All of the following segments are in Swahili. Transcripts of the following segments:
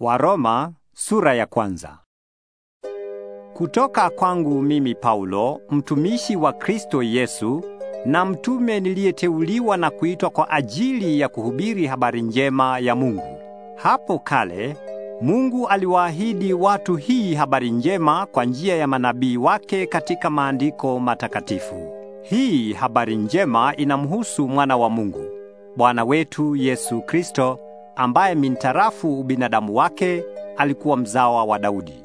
Waroma sura ya kwanza. Kutoka kwangu mimi Paulo, mtumishi wa Kristo Yesu na mtume niliyeteuliwa na kuitwa kwa ajili ya kuhubiri habari njema ya Mungu. Hapo kale Mungu aliwaahidi watu hii habari njema kwa njia ya manabii wake katika maandiko matakatifu. Hii habari njema inamhusu mwana wa Mungu, Bwana wetu Yesu Kristo ambaye mintarafu ubinadamu wake alikuwa mzawa wa Daudi.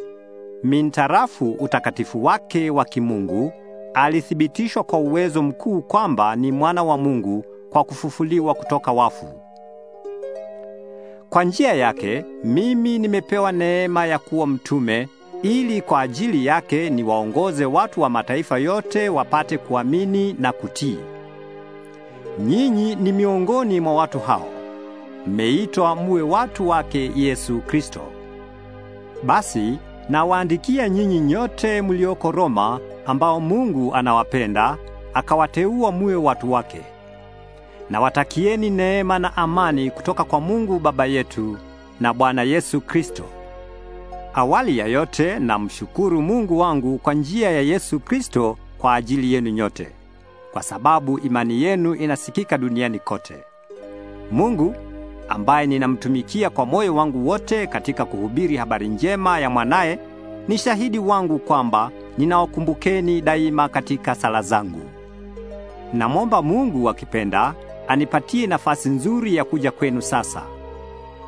Mintarafu utakatifu wake wa kimungu alithibitishwa kwa uwezo mkuu kwamba ni mwana wa Mungu kwa kufufuliwa kutoka wafu. Kwa njia yake mimi nimepewa neema ya kuwa mtume ili kwa ajili yake niwaongoze watu wa mataifa yote wapate kuamini na kutii. Nyinyi ni miongoni mwa watu hao mmeitwa muwe watu wake Yesu Kristo. Basi nawaandikia nyinyi nyote mlioko Roma, ambao Mungu anawapenda akawateua muwe watu wake. Nawatakieni neema na amani kutoka kwa Mungu Baba yetu na Bwana Yesu Kristo. Awali ya yote namshukuru Mungu wangu kwa njia ya Yesu Kristo kwa ajili yenu nyote, kwa sababu imani yenu inasikika duniani kote. Mungu ambaye ninamtumikia kwa moyo wangu wote katika kuhubiri habari njema ya mwanaye, ni shahidi wangu kwamba ninawakumbukeni daima katika sala zangu. Namwomba Mungu akipenda anipatie nafasi nzuri ya kuja kwenu sasa,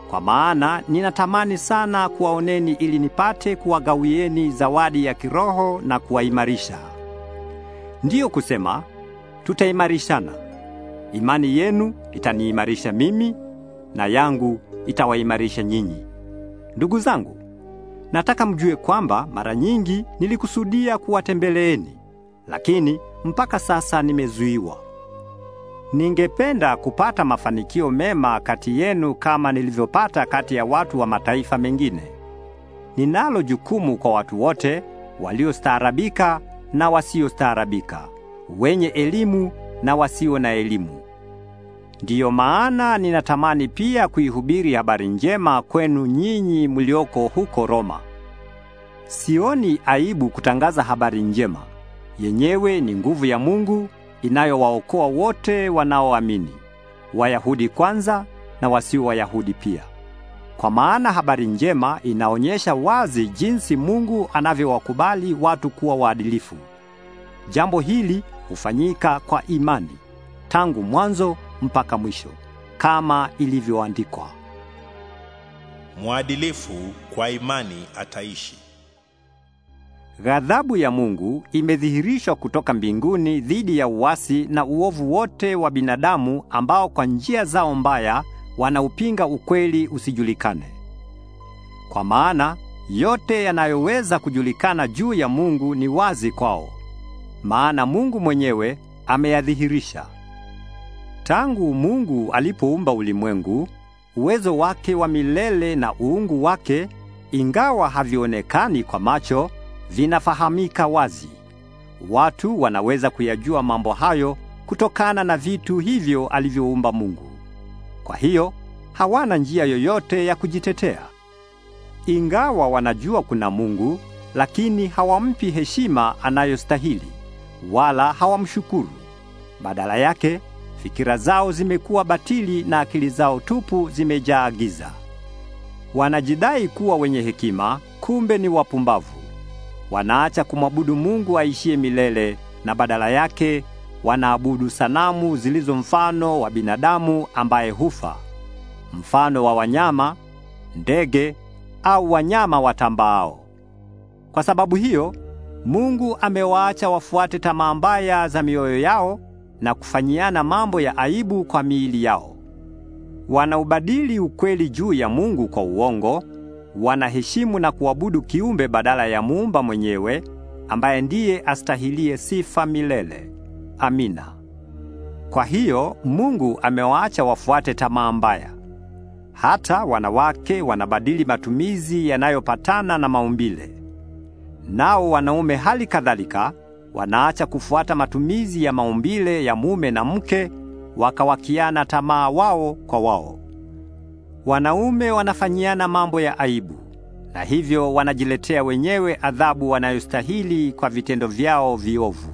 kwa maana ninatamani sana kuwaoneni ili nipate kuwagawieni zawadi ya kiroho na kuwaimarisha. Ndiyo kusema tutaimarishana. Imani yenu itaniimarisha mimi na yangu itawaimarisha nyinyi. Ndugu zangu, nataka mjue kwamba mara nyingi nilikusudia kuwatembeleeni, lakini mpaka sasa nimezuiwa. Ningependa kupata mafanikio mema kati yenu kama nilivyopata kati ya watu wa mataifa mengine. Ninalo jukumu kwa watu wote waliostaarabika na wasiostaarabika, wenye elimu na wasio na elimu. Ndiyo maana ninatamani pia kuihubiri habari njema kwenu nyinyi mlioko huko Roma. Sioni aibu kutangaza habari njema. Yenyewe ni nguvu ya Mungu inayowaokoa wote wanaoamini, Wayahudi kwanza na wasio Wayahudi pia. Kwa maana habari njema inaonyesha wazi jinsi Mungu anavyowakubali watu kuwa waadilifu. Jambo hili hufanyika kwa imani tangu mwanzo mpaka mwisho, kama ilivyoandikwa, mwadilifu kwa imani ataishi. Ghadhabu ya Mungu imedhihirishwa kutoka mbinguni dhidi ya uasi na uovu wote wa binadamu ambao kwa njia zao mbaya wanaupinga ukweli usijulikane. Kwa maana yote yanayoweza kujulikana juu ya Mungu ni wazi kwao, maana Mungu mwenyewe ameyadhihirisha. Tangu Mungu alipoumba ulimwengu, uwezo wake wa milele na uungu wake, ingawa havionekani kwa macho, vinafahamika wazi. Watu wanaweza kuyajua mambo hayo kutokana na vitu hivyo alivyoumba Mungu. Kwa hiyo, hawana njia yoyote ya kujitetea. Ingawa wanajua kuna Mungu, lakini hawampi heshima anayostahili wala hawamshukuru. Badala yake Fikira zao zimekuwa batili na akili zao tupu zimejaa giza. Wanajidai kuwa wenye hekima, kumbe ni wapumbavu. Wanaacha kumwabudu Mungu aishiye milele na badala yake wanaabudu sanamu zilizo mfano wa binadamu ambaye hufa, mfano wa wanyama, ndege au wanyama watambaao. Kwa sababu hiyo, Mungu amewaacha wafuate tamaa mbaya za mioyo yao na kufanyiana mambo ya aibu kwa miili yao. Wanaubadili ukweli juu ya Mungu kwa uongo, wanaheshimu na kuabudu kiumbe badala ya muumba mwenyewe ambaye ndiye astahilie sifa milele. Amina. Kwa hiyo Mungu amewaacha wafuate tamaa mbaya. Hata wanawake wanabadili matumizi yanayopatana na maumbile. Nao wanaume hali kadhalika wanaacha kufuata matumizi ya maumbile ya mume na mke, wakawakiana tamaa wao kwa wao. Wanaume wanafanyiana mambo ya aibu, na hivyo wanajiletea wenyewe adhabu wanayostahili kwa vitendo vyao viovu.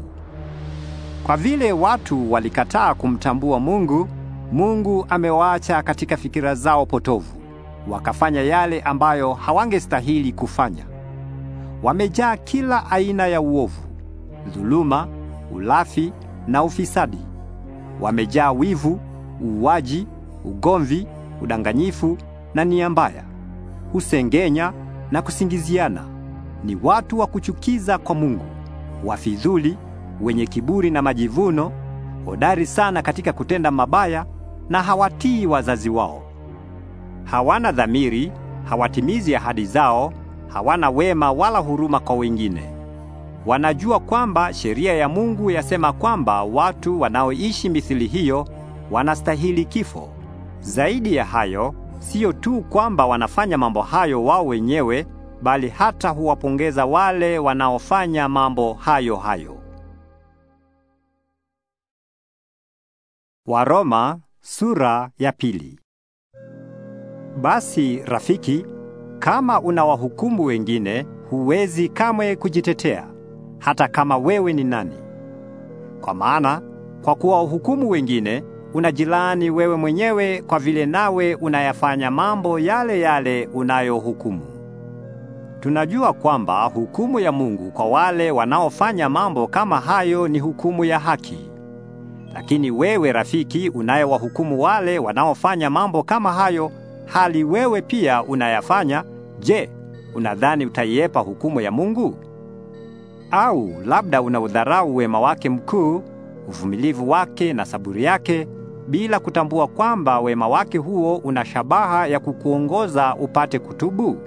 Kwa vile watu walikataa kumtambua Mungu, Mungu amewaacha katika fikira zao potovu, wakafanya yale ambayo hawangestahili kufanya. Wamejaa kila aina ya uovu dhuluma, ulafi na ufisadi. Wamejaa wivu, uuaji, ugomvi, udanganyifu na nia mbaya. Husengenya na kusingiziana. Ni watu wa kuchukiza kwa Mungu, wafidhuli, wenye kiburi na majivuno, hodari sana katika kutenda mabaya na hawatii wazazi wao. Hawana dhamiri, hawatimizi ahadi zao, hawana wema wala huruma kwa wengine. Wanajua kwamba sheria ya Mungu yasema kwamba watu wanaoishi mithili hiyo wanastahili kifo. Zaidi ya hayo, sio tu kwamba wanafanya mambo hayo wao wenyewe, bali hata huwapongeza wale wanaofanya mambo hayo hayo. Waroma sura ya pili. Basi rafiki, kama unawahukumu wengine, huwezi kamwe kujitetea hata kama wewe ni nani. Kwa maana kwa kuwa uhukumu wengine, unajilaani wewe mwenyewe kwa vile nawe unayafanya mambo yale yale unayohukumu. Tunajua kwamba hukumu ya Mungu kwa wale wanaofanya mambo kama hayo ni hukumu ya haki. Lakini wewe rafiki, unayewahukumu wale wanaofanya mambo kama hayo, hali wewe pia unayafanya, je, unadhani utaiepa hukumu ya Mungu? Au labda unaudharau wema wake mkuu, uvumilivu wake na saburi yake, bila kutambua kwamba wema wake huo una shabaha ya kukuongoza upate kutubu.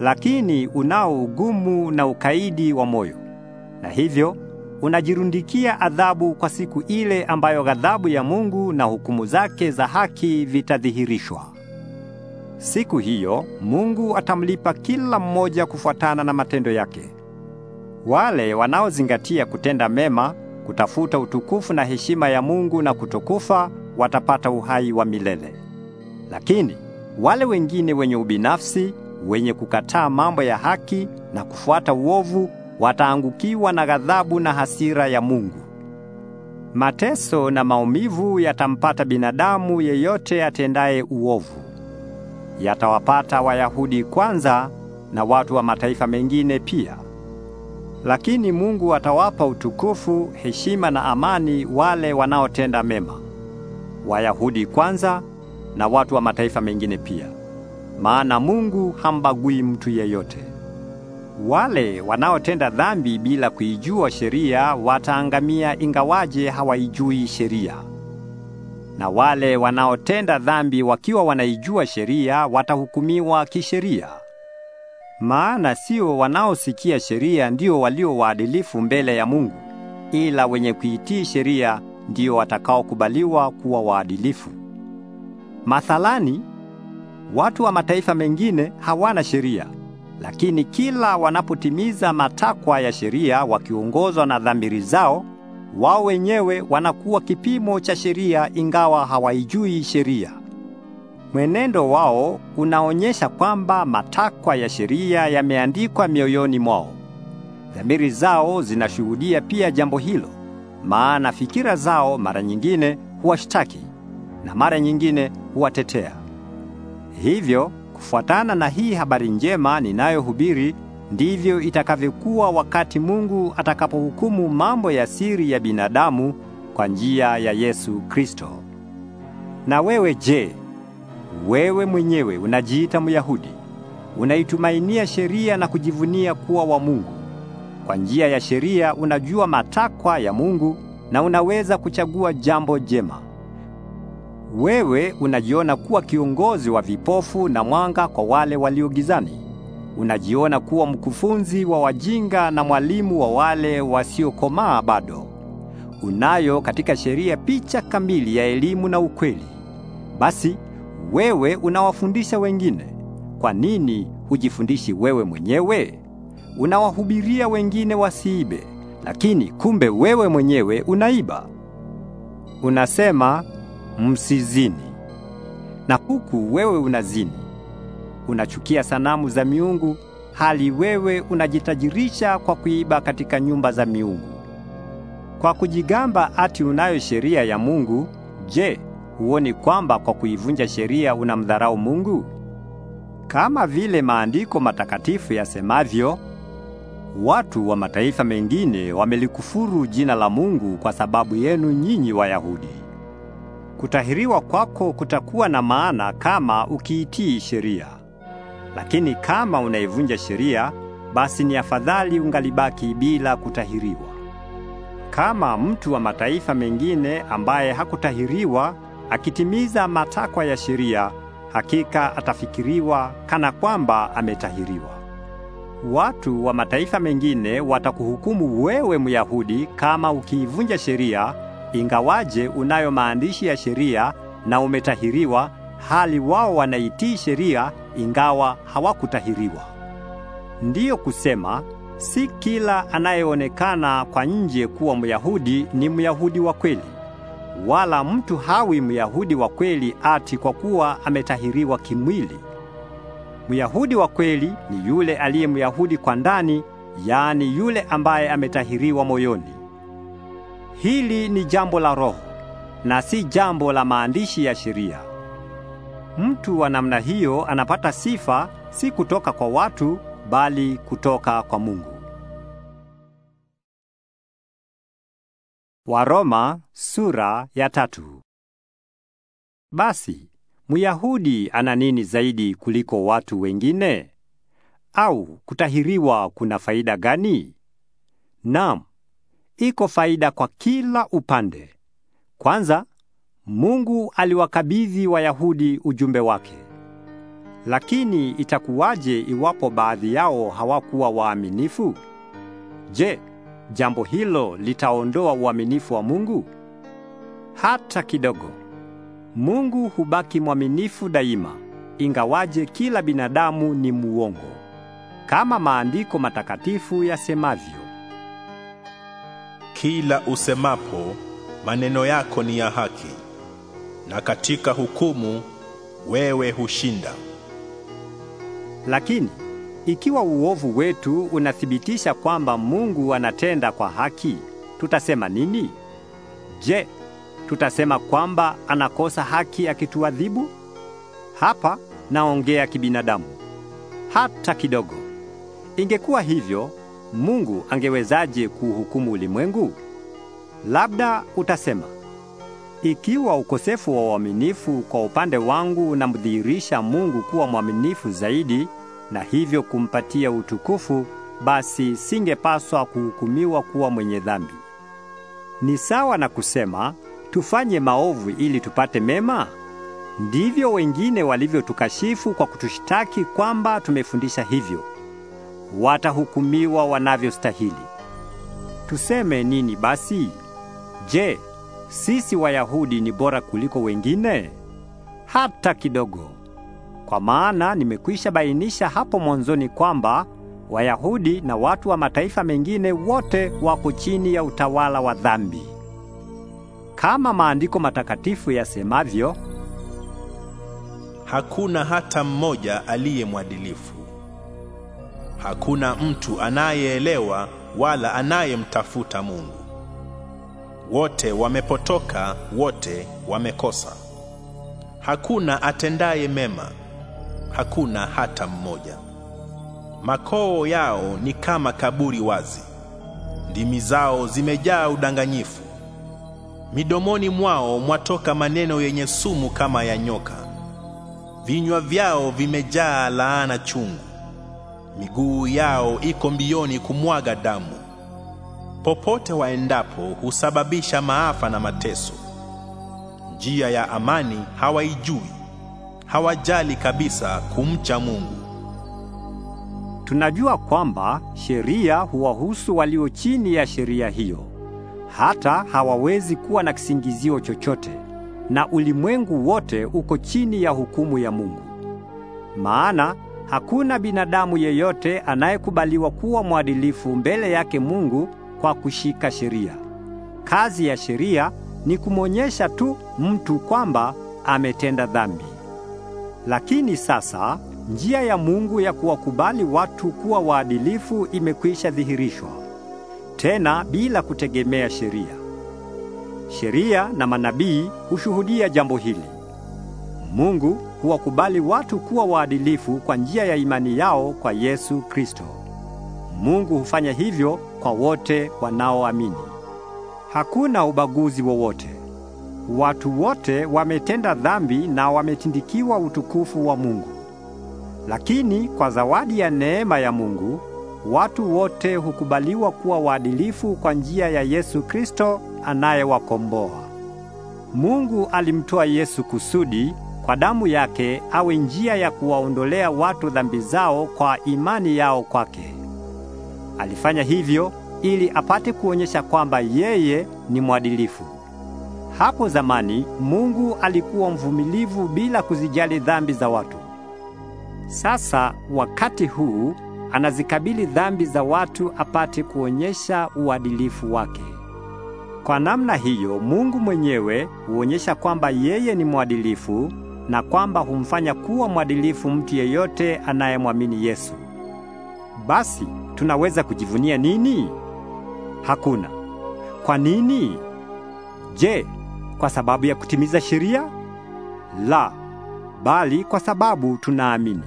Lakini unao ugumu na ukaidi wa moyo, na hivyo unajirundikia adhabu kwa siku ile ambayo ghadhabu ya Mungu na hukumu zake za haki vitadhihirishwa. Siku hiyo Mungu atamlipa kila mmoja kufuatana na matendo yake. Wale wanaozingatia kutenda mema, kutafuta utukufu na heshima ya Mungu na kutokufa watapata uhai wa milele. Lakini wale wengine wenye ubinafsi, wenye kukataa mambo ya haki na kufuata uovu wataangukiwa na ghadhabu na hasira ya Mungu. Mateso na maumivu yatampata binadamu yeyote atendaye uovu. Yatawapata Wayahudi kwanza na watu wa mataifa mengine pia lakini Mungu atawapa utukufu, heshima na amani wale wanaotenda mema, Wayahudi kwanza na watu wa mataifa mengine pia, maana Mungu hambagui mtu yeyote. Wale wanaotenda dhambi bila kuijua sheria wataangamia, ingawaje hawaijui sheria. Na wale wanaotenda dhambi wakiwa wanaijua sheria watahukumiwa kisheria. Maana sio wanaosikia sheria ndio walio waadilifu mbele ya Mungu, ila wenye kuitii sheria ndio watakaokubaliwa kuwa waadilifu. Mathalani, watu wa mataifa mengine hawana sheria, lakini kila wanapotimiza matakwa ya sheria wakiongozwa na dhamiri zao, wao wenyewe wanakuwa kipimo cha sheria ingawa hawaijui sheria. Mwenendo wao unaonyesha kwamba matakwa ya sheria yameandikwa mioyoni mwao. Dhamiri zao zinashuhudia pia jambo hilo, maana fikira zao mara nyingine huwashtaki na mara nyingine huwatetea. Hivyo, kufuatana na hii habari njema ninayohubiri, ndivyo itakavyokuwa wakati Mungu atakapohukumu mambo ya siri ya binadamu kwa njia ya Yesu Kristo. Na wewe je, wewe mwenyewe unajiita Myahudi, unaitumainia sheria na kujivunia kuwa wa Mungu. Kwa njia ya sheria unajua matakwa ya Mungu na unaweza kuchagua jambo jema. Wewe unajiona kuwa kiongozi wa vipofu na mwanga kwa wale walio gizani. Unajiona kuwa mkufunzi wa wajinga na mwalimu wa wale wasiokomaa bado. Unayo katika sheria picha kamili ya elimu na ukweli. Basi wewe unawafundisha wengine, kwa nini hujifundishi wewe mwenyewe? Unawahubiria wengine wasiibe, lakini kumbe wewe mwenyewe unaiba. Unasema msizini, na huku wewe unazini. Unachukia sanamu za miungu, hali wewe unajitajirisha kwa kuiba katika nyumba za miungu. Kwa kujigamba ati unayo sheria ya Mungu, je, huoni kwamba kwa kuivunja sheria unamdharau Mungu? Kama vile maandiko matakatifu yasemavyo, watu wa mataifa mengine wamelikufuru jina la Mungu kwa sababu yenu nyinyi Wayahudi. Kutahiriwa kwako kutakuwa na maana kama ukiitii sheria. Lakini kama unaivunja sheria, basi ni afadhali ungalibaki bila kutahiriwa. Kama mtu wa mataifa mengine ambaye hakutahiriwa akitimiza matakwa ya sheria, hakika atafikiriwa kana kwamba ametahiriwa. Watu wa mataifa mengine watakuhukumu wewe Myahudi kama ukiivunja sheria, ingawaje unayo maandishi ya sheria na umetahiriwa, hali wao wanaitii sheria ingawa hawakutahiriwa. Ndiyo kusema si kila anayeonekana kwa nje kuwa Myahudi ni Myahudi wa kweli wala mtu hawi Myahudi wa kweli ati kwa kuwa ametahiriwa kimwili. Myahudi wa kweli ni yule aliye Myahudi kwa ndani, yaani yule ambaye ametahiriwa moyoni. Hili ni jambo la Roho na si jambo la maandishi ya sheria. Mtu wa namna hiyo anapata sifa si kutoka kwa watu, bali kutoka kwa Mungu. Waroma sura ya tatu. Basi Myahudi ana nini zaidi kuliko watu wengine? Au kutahiriwa kuna faida gani? Naam, iko faida kwa kila upande. Kwanza, Mungu aliwakabidhi Wayahudi ujumbe wake. Lakini itakuwaje iwapo baadhi yao hawakuwa waaminifu? Je, jambo hilo litaondoa uaminifu wa Mungu? Hata kidogo. Mungu hubaki mwaminifu daima, ingawaje kila binadamu ni muongo, kama maandiko matakatifu yasemavyo, kila usemapo maneno yako ni ya haki, na katika hukumu wewe hushinda. Lakini ikiwa uovu wetu unathibitisha kwamba Mungu anatenda kwa haki, tutasema nini? Je, tutasema kwamba anakosa haki akituadhibu? Hapa naongea kibinadamu. Hata kidogo. Ingekuwa hivyo, Mungu angewezaje kuuhukumu ulimwengu? Labda utasema, ikiwa ukosefu wa uaminifu kwa upande wangu unamdhihirisha Mungu kuwa mwaminifu zaidi, na hivyo kumpatia utukufu, basi singepaswa kuhukumiwa kuwa mwenye dhambi. Ni sawa na kusema tufanye maovu ili tupate mema? Ndivyo wengine walivyotukashifu kwa kutushtaki kwamba tumefundisha hivyo. Watahukumiwa wanavyostahili. Tuseme nini basi? Je, sisi Wayahudi ni bora kuliko wengine? Hata kidogo! Kwa maana nimekwisha bainisha hapo mwanzoni kwamba Wayahudi na watu wa mataifa mengine wote wako chini ya utawala wa dhambi. Kama maandiko matakatifu yasemavyo, hakuna hata mmoja aliye mwadilifu. Hakuna mtu anayeelewa wala anayemtafuta Mungu. Wote wamepotoka, wote wamekosa. Hakuna atendaye mema hakuna hata mmoja. Makoo yao ni kama kaburi wazi, ndimi zao zimejaa udanganyifu, midomoni mwao mwatoka maneno yenye sumu kama ya nyoka. Vinywa vyao vimejaa laana chungu, miguu yao iko mbioni kumwaga damu. Popote waendapo husababisha maafa na mateso. Njia ya amani hawaijui, hawajali kabisa kumcha Mungu. Tunajua kwamba sheria huwahusu walio chini ya sheria hiyo, hata hawawezi kuwa na kisingizio chochote, na ulimwengu wote uko chini ya hukumu ya Mungu. Maana hakuna binadamu yeyote anayekubaliwa kuwa mwadilifu mbele yake Mungu kwa kushika sheria. Kazi ya sheria ni kumwonyesha tu mtu kwamba ametenda dhambi. Lakini sasa njia ya Mungu ya kuwakubali watu kuwa waadilifu imekwisha dhihirishwa, tena bila kutegemea sheria. Sheria na manabii hushuhudia jambo hili. Mungu huwakubali watu kuwa waadilifu kwa njia ya imani yao kwa Yesu Kristo. Mungu hufanya hivyo kwa wote wanaoamini. Hakuna ubaguzi wowote. Watu wote wametenda dhambi na wametindikiwa utukufu wa Mungu. Lakini kwa zawadi ya neema ya Mungu, watu wote hukubaliwa kuwa waadilifu kwa njia ya Yesu Kristo anayewakomboa. Mungu alimtoa Yesu kusudi kwa damu yake awe njia ya kuwaondolea watu dhambi zao kwa imani yao kwake. Alifanya hivyo ili apate kuonyesha kwamba yeye ni mwadilifu. Hapo zamani Mungu alikuwa mvumilivu bila kuzijali dhambi za watu. Sasa wakati huu anazikabili dhambi za watu apate kuonyesha uadilifu wake. Kwa namna hiyo Mungu mwenyewe huonyesha kwamba yeye ni mwadilifu na kwamba humfanya kuwa mwadilifu mtu yeyote anayemwamini Yesu. Basi tunaweza kujivunia nini? Hakuna. Kwa nini? Je, kwa sababu ya kutimiza sheria? La, bali kwa sababu tunaamini.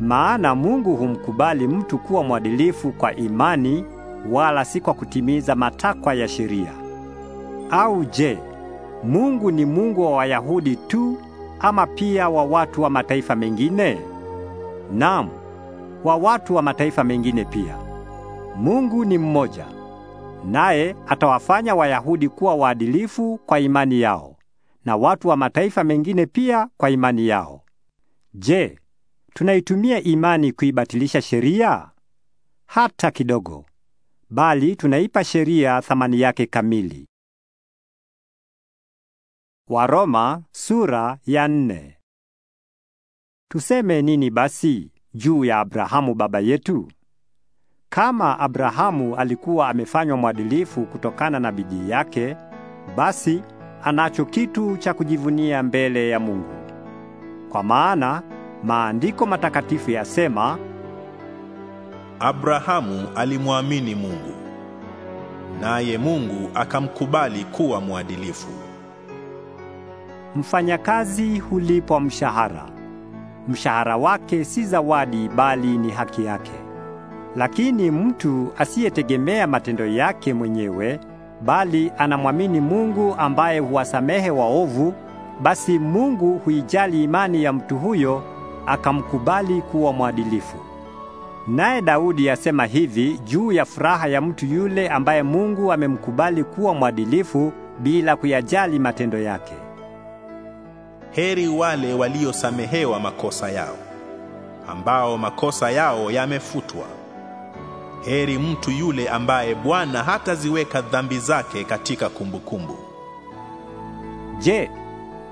Maana Mungu humkubali mtu kuwa mwadilifu kwa imani, wala si kwa kutimiza matakwa ya sheria. Au je, Mungu ni Mungu wa Wayahudi tu ama pia wa watu wa mataifa mengine? Naam, wa watu wa mataifa mengine pia. Mungu ni mmoja naye atawafanya Wayahudi kuwa waadilifu kwa imani yao na watu wa mataifa mengine pia kwa imani yao. Je, tunaitumia imani kuibatilisha sheria? Hata kidogo. Bali tunaipa sheria thamani yake kamili. Waroma sura ya nne. Tuseme nini basi juu ya Abrahamu baba yetu? Kama Abrahamu alikuwa amefanywa mwadilifu kutokana na bidii yake, basi anacho kitu cha kujivunia mbele ya Mungu. Kwa maana maandiko matakatifu yasema, Abrahamu alimwamini Mungu, naye Mungu akamkubali kuwa mwadilifu. Mfanyakazi hulipwa mshahara. Mshahara wake si zawadi bali ni haki yake. Lakini mtu asiyetegemea matendo yake mwenyewe bali anamwamini Mungu ambaye huwasamehe waovu, basi Mungu huijali imani ya mtu huyo akamkubali kuwa mwadilifu. Naye Daudi asema hivi juu ya furaha ya mtu yule ambaye Mungu amemkubali kuwa mwadilifu bila kuyajali matendo yake. Heri wale waliosamehewa makosa yao, ambao makosa yao yamefutwa heri mtu yule ambaye Bwana hataziweka dhambi zake katika kumbukumbu. Je,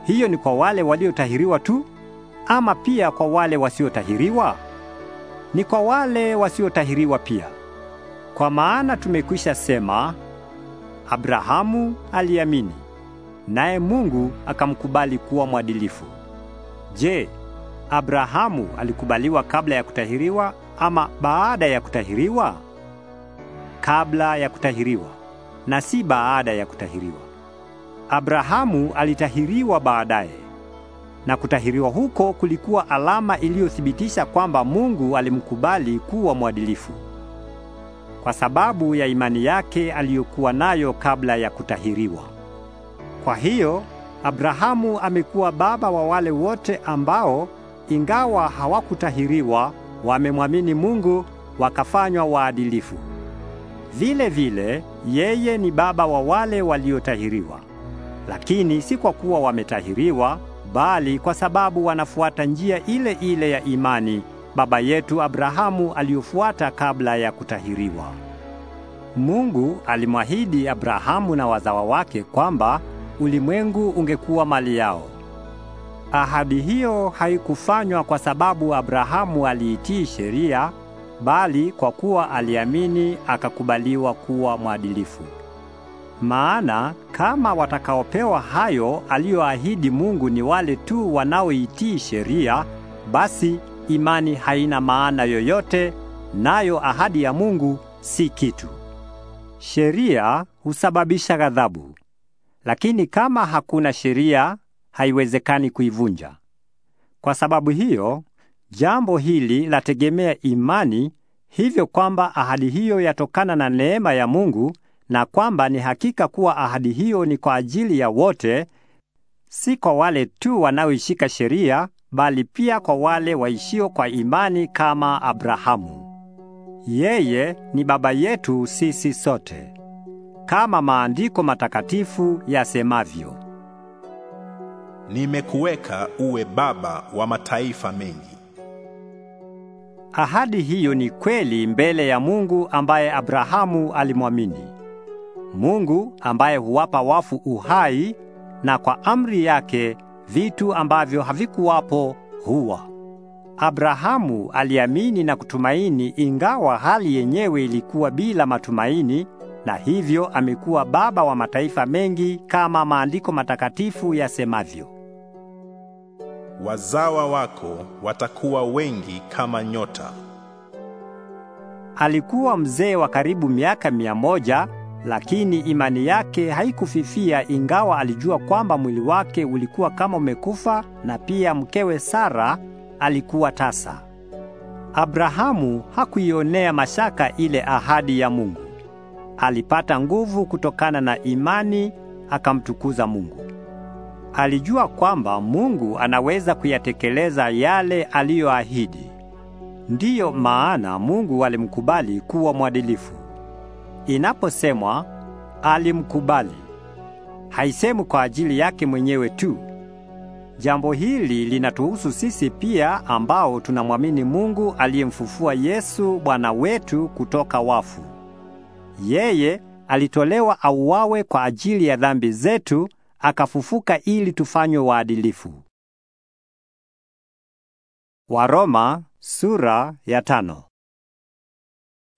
hiyo ni kwa wale waliotahiriwa tu ama pia kwa wale wasiotahiriwa? Ni kwa wale wasiotahiriwa pia. Kwa maana tumekwisha sema Abrahamu aliamini naye Mungu akamkubali kuwa mwadilifu. Je, Abrahamu alikubaliwa kabla ya kutahiriwa ama baada ya kutahiriwa? Kabla ya kutahiriwa na si baada ya kutahiriwa. Abrahamu alitahiriwa baadaye, na kutahiriwa huko kulikuwa alama iliyothibitisha kwamba Mungu alimkubali kuwa mwadilifu kwa sababu ya imani yake aliyokuwa nayo kabla ya kutahiriwa. Kwa hiyo Abrahamu amekuwa baba wa wale wote ambao ingawa hawakutahiriwa wamemwamini Mungu wakafanywa waadilifu. Vile vile yeye ni baba wa wale waliotahiriwa, lakini si kwa kuwa wametahiriwa, bali kwa sababu wanafuata njia ile ile ya imani baba yetu Abrahamu aliyofuata kabla ya kutahiriwa. Mungu alimwahidi Abrahamu na wazawa wake kwamba ulimwengu ungekuwa mali yao. Ahadi hiyo haikufanywa kwa sababu Abrahamu aliitii sheria, bali kwa kuwa aliamini akakubaliwa kuwa mwadilifu. Maana kama watakaopewa hayo aliyoahidi Mungu ni wale tu wanaoitii sheria, basi imani haina maana yoyote, nayo ahadi ya Mungu si kitu. Sheria husababisha ghadhabu. Lakini kama hakuna sheria, haiwezekani kuivunja. Kwa sababu hiyo, jambo hili lategemea imani, hivyo kwamba ahadi hiyo yatokana na neema ya Mungu na kwamba ni hakika kuwa ahadi hiyo ni kwa ajili ya wote, si kwa wale tu wanaoishika sheria, bali pia kwa wale waishio kwa imani kama Abrahamu. Yeye ni baba yetu sisi sote, kama maandiko matakatifu yasemavyo nimekuweka uwe baba wa mataifa mengi. Ahadi hiyo ni kweli mbele ya Mungu ambaye Abrahamu alimwamini. Mungu ambaye huwapa wafu uhai na kwa amri yake vitu ambavyo havikuwapo huwa. Abrahamu aliamini na kutumaini ingawa hali yenyewe ilikuwa bila matumaini na hivyo amekuwa baba wa mataifa mengi kama maandiko matakatifu yasemavyo wazawa wako watakuwa wengi kama nyota. Alikuwa mzee wa karibu miaka mia moja, lakini imani yake haikufifia ingawa alijua kwamba mwili wake ulikuwa kama umekufa na pia mkewe Sara alikuwa tasa. Abrahamu hakuionea mashaka ile ahadi ya Mungu. Alipata nguvu kutokana na imani akamtukuza Mungu. Alijua kwamba Mungu anaweza kuyatekeleza yale aliyoahidi. Ndiyo maana Mungu alimkubali kuwa mwadilifu. Inaposemwa alimkubali, haisemwi kwa ajili yake mwenyewe tu. Jambo hili linatuhusu sisi pia ambao tunamwamini Mungu aliyemfufua Yesu Bwana wetu kutoka wafu. Yeye alitolewa auawe kwa ajili ya dhambi zetu akafufuka ili tufanywe waadilifu. Waroma sura ya tano.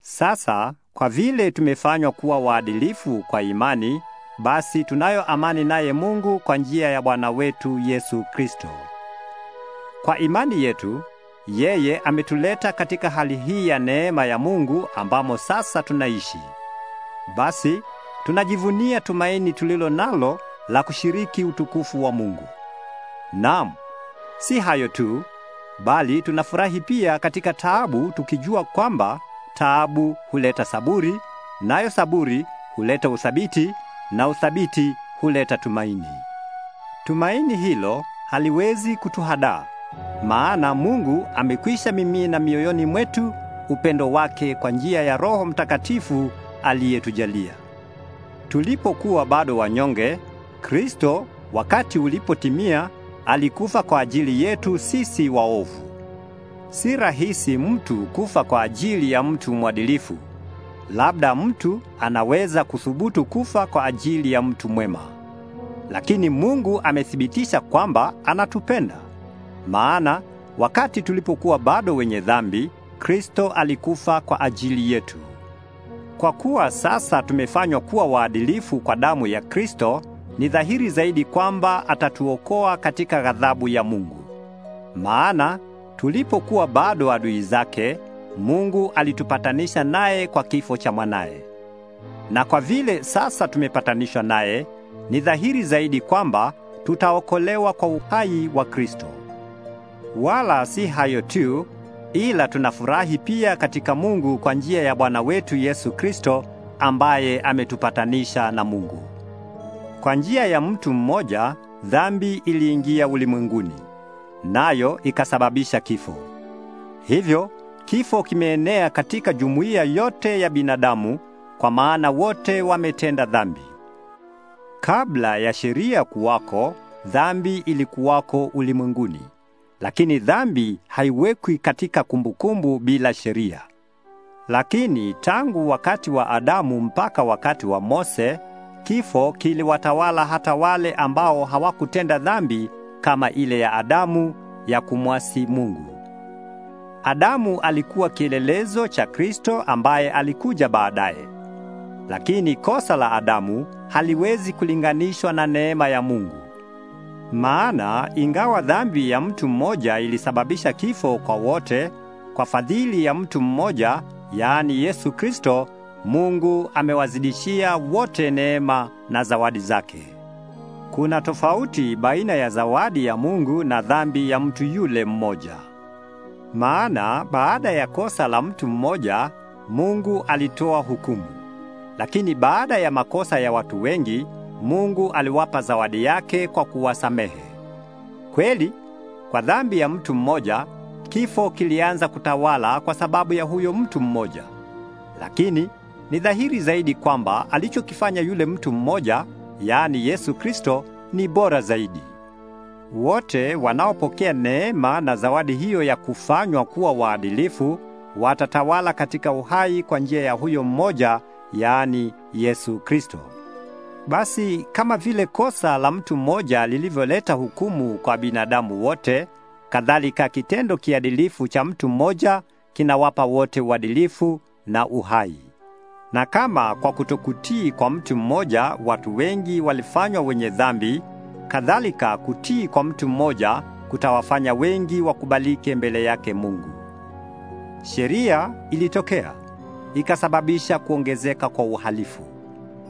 Sasa kwa vile tumefanywa kuwa waadilifu kwa imani, basi tunayo amani naye Mungu kwa njia ya Bwana wetu Yesu Kristo. Kwa imani yetu yeye ametuleta katika hali hii ya neema ya Mungu ambamo sasa tunaishi. Basi tunajivunia tumaini tulilo nalo la kushiriki utukufu wa Mungu. Naam, si hayo tu, bali tunafurahi pia katika taabu, tukijua kwamba taabu huleta saburi, nayo saburi huleta uthabiti, na uthabiti huleta tumaini. Tumaini hilo haliwezi kutuhadaa, maana Mungu amekwisha mimina mioyoni mwetu upendo wake kwa njia ya Roho Mtakatifu aliyetujalia. Tulipokuwa bado wanyonge Kristo wakati ulipotimia alikufa kwa ajili yetu sisi waovu. Si rahisi mtu kufa kwa ajili ya mtu mwadilifu. Labda mtu anaweza kuthubutu kufa kwa ajili ya mtu mwema. Lakini Mungu amethibitisha kwamba anatupenda. Maana wakati tulipokuwa bado wenye dhambi, Kristo alikufa kwa ajili yetu. Kwa kuwa sasa tumefanywa kuwa waadilifu kwa damu ya Kristo, ni dhahiri zaidi kwamba atatuokoa katika ghadhabu ya Mungu. Maana tulipokuwa bado adui zake, Mungu alitupatanisha naye kwa kifo cha mwanaye. Na kwa vile sasa tumepatanishwa naye, ni dhahiri zaidi kwamba tutaokolewa kwa uhai wa Kristo. Wala si hayo tu, ila tunafurahi pia katika Mungu kwa njia ya Bwana wetu Yesu Kristo ambaye ametupatanisha na Mungu. Kwa njia ya mtu mmoja dhambi iliingia ulimwenguni, nayo ikasababisha kifo. Hivyo kifo kimeenea katika jumuiya yote ya binadamu, kwa maana wote wametenda dhambi. Kabla ya sheria kuwako, dhambi ilikuwako ulimwenguni, lakini dhambi haiwekwi katika kumbukumbu bila sheria. Lakini tangu wakati wa Adamu mpaka wakati wa Mose Kifo kiliwatawala hata wale ambao hawakutenda dhambi kama ile ya Adamu ya kumwasi Mungu. Adamu alikuwa kielelezo cha Kristo ambaye alikuja baadaye. Lakini kosa la Adamu haliwezi kulinganishwa na neema ya Mungu. Maana ingawa dhambi ya mtu mmoja ilisababisha kifo kwa wote, kwa fadhili ya mtu mmoja, yaani Yesu Kristo Mungu amewazidishia wote neema na zawadi zake. Kuna tofauti baina ya zawadi ya Mungu na dhambi ya mtu yule mmoja. Maana baada ya kosa la mtu mmoja, Mungu alitoa hukumu. Lakini baada ya makosa ya watu wengi, Mungu aliwapa zawadi yake kwa kuwasamehe. Kweli, kwa dhambi ya mtu mmoja, kifo kilianza kutawala kwa sababu ya huyo mtu mmoja. Lakini ni dhahiri zaidi kwamba alichokifanya yule mtu mmoja, yaani Yesu Kristo, ni bora zaidi. Wote wanaopokea neema na zawadi hiyo ya kufanywa kuwa waadilifu watatawala katika uhai kwa njia ya huyo mmoja, yaani Yesu Kristo. Basi kama vile kosa la mtu mmoja lilivyoleta hukumu kwa binadamu wote, kadhalika kitendo kiadilifu cha mtu mmoja kinawapa wote uadilifu na uhai. Na kama kwa kutokutii kwa mtu mmoja watu wengi walifanywa wenye dhambi, kadhalika kutii kwa mtu mmoja kutawafanya wengi wakubalike mbele yake Mungu. Sheria ilitokea ikasababisha kuongezeka kwa uhalifu,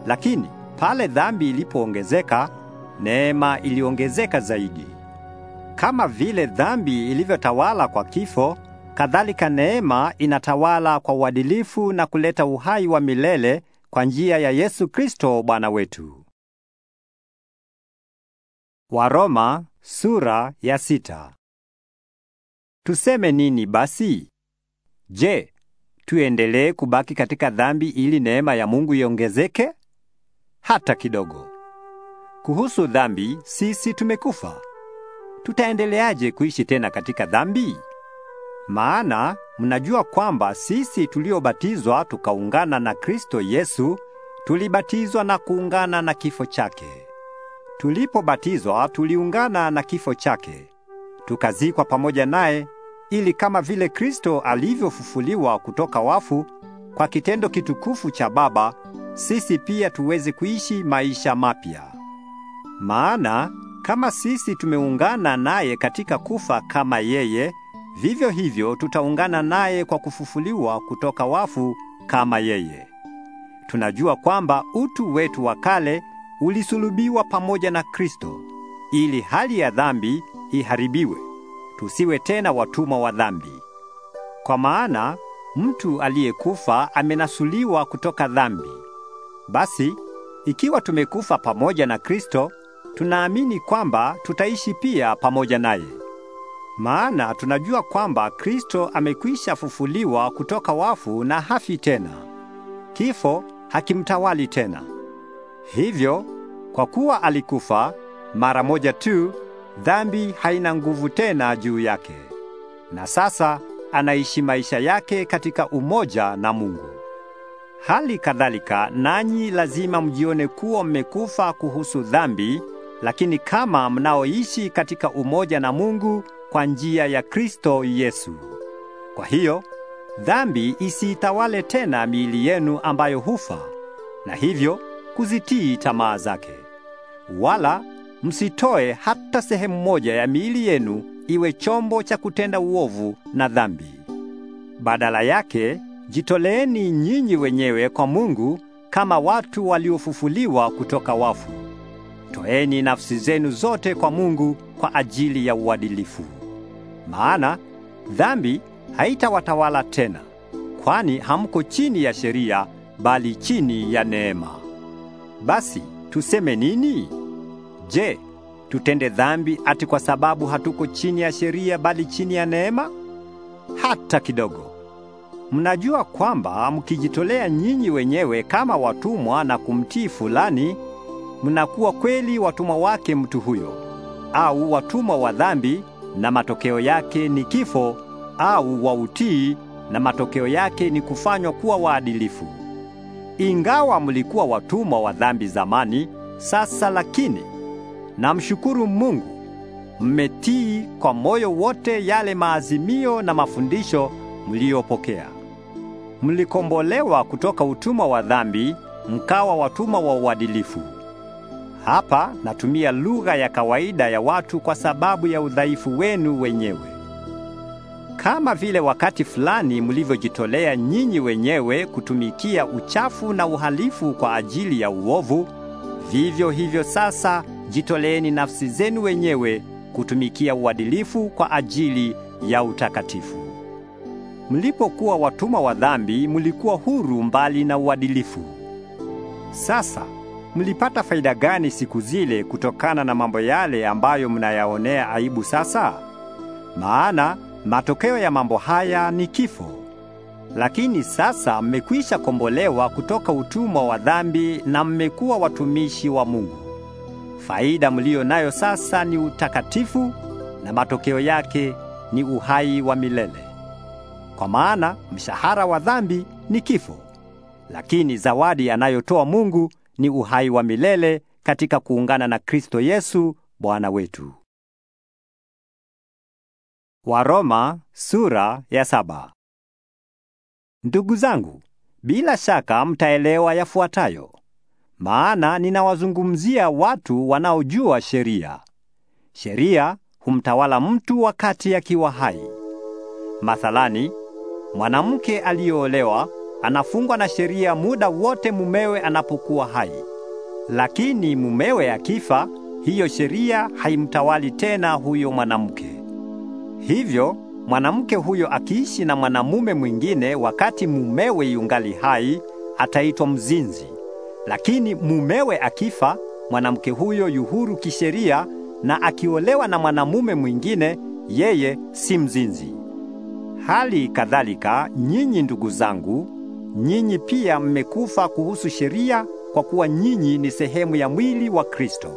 lakini pale dhambi ilipoongezeka, neema iliongezeka zaidi. Kama vile dhambi ilivyotawala kwa kifo, Kadhalika neema inatawala kwa uadilifu na kuleta uhai wa milele kwa njia ya Yesu Kristo Bwana wetu. Waroma sura ya sita. Tuseme nini basi? Je, tuendelee kubaki katika dhambi ili neema ya Mungu iongezeke? Hata kidogo. Kuhusu dhambi, sisi tumekufa. Tutaendeleaje kuishi tena katika dhambi? Maana mnajua kwamba sisi tuliobatizwa tukaungana na Kristo Yesu tulibatizwa na kuungana na kifo chake. Tulipobatizwa tuliungana na kifo chake, tukazikwa pamoja naye, ili kama vile Kristo alivyofufuliwa kutoka wafu kwa kitendo kitukufu cha Baba, sisi pia tuweze kuishi maisha mapya. Maana kama sisi tumeungana naye katika kufa kama yeye, Vivyo hivyo tutaungana naye kwa kufufuliwa kutoka wafu kama yeye. Tunajua kwamba utu wetu wa kale ulisulubiwa pamoja na Kristo ili hali ya dhambi iharibiwe, tusiwe tena watumwa wa dhambi. Kwa maana mtu aliyekufa amenasuliwa kutoka dhambi. Basi ikiwa tumekufa pamoja na Kristo, tunaamini kwamba tutaishi pia pamoja naye. Maana tunajua kwamba Kristo amekwisha fufuliwa kutoka wafu na hafi tena. Kifo hakimtawali tena. Hivyo, kwa kuwa alikufa mara moja tu, dhambi haina nguvu tena juu yake. Na sasa anaishi maisha yake katika umoja na Mungu. Hali kadhalika nanyi lazima mjione kuwa mmekufa kuhusu dhambi, lakini kama mnaoishi katika umoja na Mungu kwa njia ya Kristo Yesu. Kwa hiyo dhambi isiitawale tena miili yenu ambayo hufa, na hivyo kuzitii tamaa zake. Wala msitoe hata sehemu moja ya miili yenu iwe chombo cha kutenda uovu na dhambi. Badala yake jitoleeni nyinyi wenyewe kwa Mungu kama watu waliofufuliwa kutoka wafu. Toeni nafsi zenu zote kwa Mungu kwa ajili ya uadilifu maana dhambi haitawatawala tena, kwani hamko chini ya sheria bali chini ya neema. Basi tuseme nini? Je, tutende dhambi ati kwa sababu hatuko chini ya sheria bali chini ya neema? Hata kidogo! Mnajua kwamba mkijitolea nyinyi wenyewe kama watumwa na kumtii fulani, mnakuwa kweli watumwa wake mtu huyo, au watumwa wa dhambi na matokeo yake ni kifo, au wautii na matokeo yake ni kufanywa kuwa waadilifu. Ingawa mlikuwa watumwa wa dhambi zamani, sasa lakini namshukuru Mungu, mmetii kwa moyo wote yale maazimio na mafundisho mliyopokea. Mlikombolewa kutoka utumwa wa dhambi mkawa watumwa wa uadilifu. Hapa natumia lugha ya kawaida ya watu kwa sababu ya udhaifu wenu wenyewe. Kama vile wakati fulani mlivyojitolea nyinyi wenyewe kutumikia uchafu na uhalifu kwa ajili ya uovu, vivyo hivyo sasa jitoleeni nafsi zenu wenyewe kutumikia uadilifu kwa ajili ya utakatifu. Mlipokuwa watumwa wa dhambi, mlikuwa huru mbali na uadilifu. Sasa mlipata faida gani siku zile kutokana na mambo yale ambayo mnayaonea aibu sasa? Maana matokeo ya mambo haya ni kifo. Lakini sasa mmekwisha kombolewa kutoka utumwa wa dhambi na mmekuwa watumishi wa Mungu. Faida mlio nayo sasa ni utakatifu na matokeo yake ni uhai wa milele. Kwa maana mshahara wa dhambi ni kifo, lakini zawadi anayotoa Mungu ni uhai wa milele katika kuungana na Kristo Yesu Bwana wetu. Waroma sura ya saba. Ndugu zangu, bila shaka mtaelewa yafuatayo. Maana ninawazungumzia watu wanaojua sheria. Sheria humtawala mtu wakati akiwa hai. Mathalani, mwanamke aliyoolewa anafungwa na sheria muda wote mumewe anapokuwa hai. Lakini mumewe akifa, hiyo sheria haimtawali tena huyo mwanamke. Hivyo mwanamke huyo akiishi na mwanamume mwingine wakati mumewe yungali hai, ataitwa mzinzi. Lakini mumewe akifa, mwanamke huyo yuhuru kisheria, na akiolewa na mwanamume mwingine, yeye si mzinzi. Hali kadhalika nyinyi ndugu zangu nyinyi pia mmekufa kuhusu sheria, kwa kuwa nyinyi ni sehemu ya mwili wa Kristo.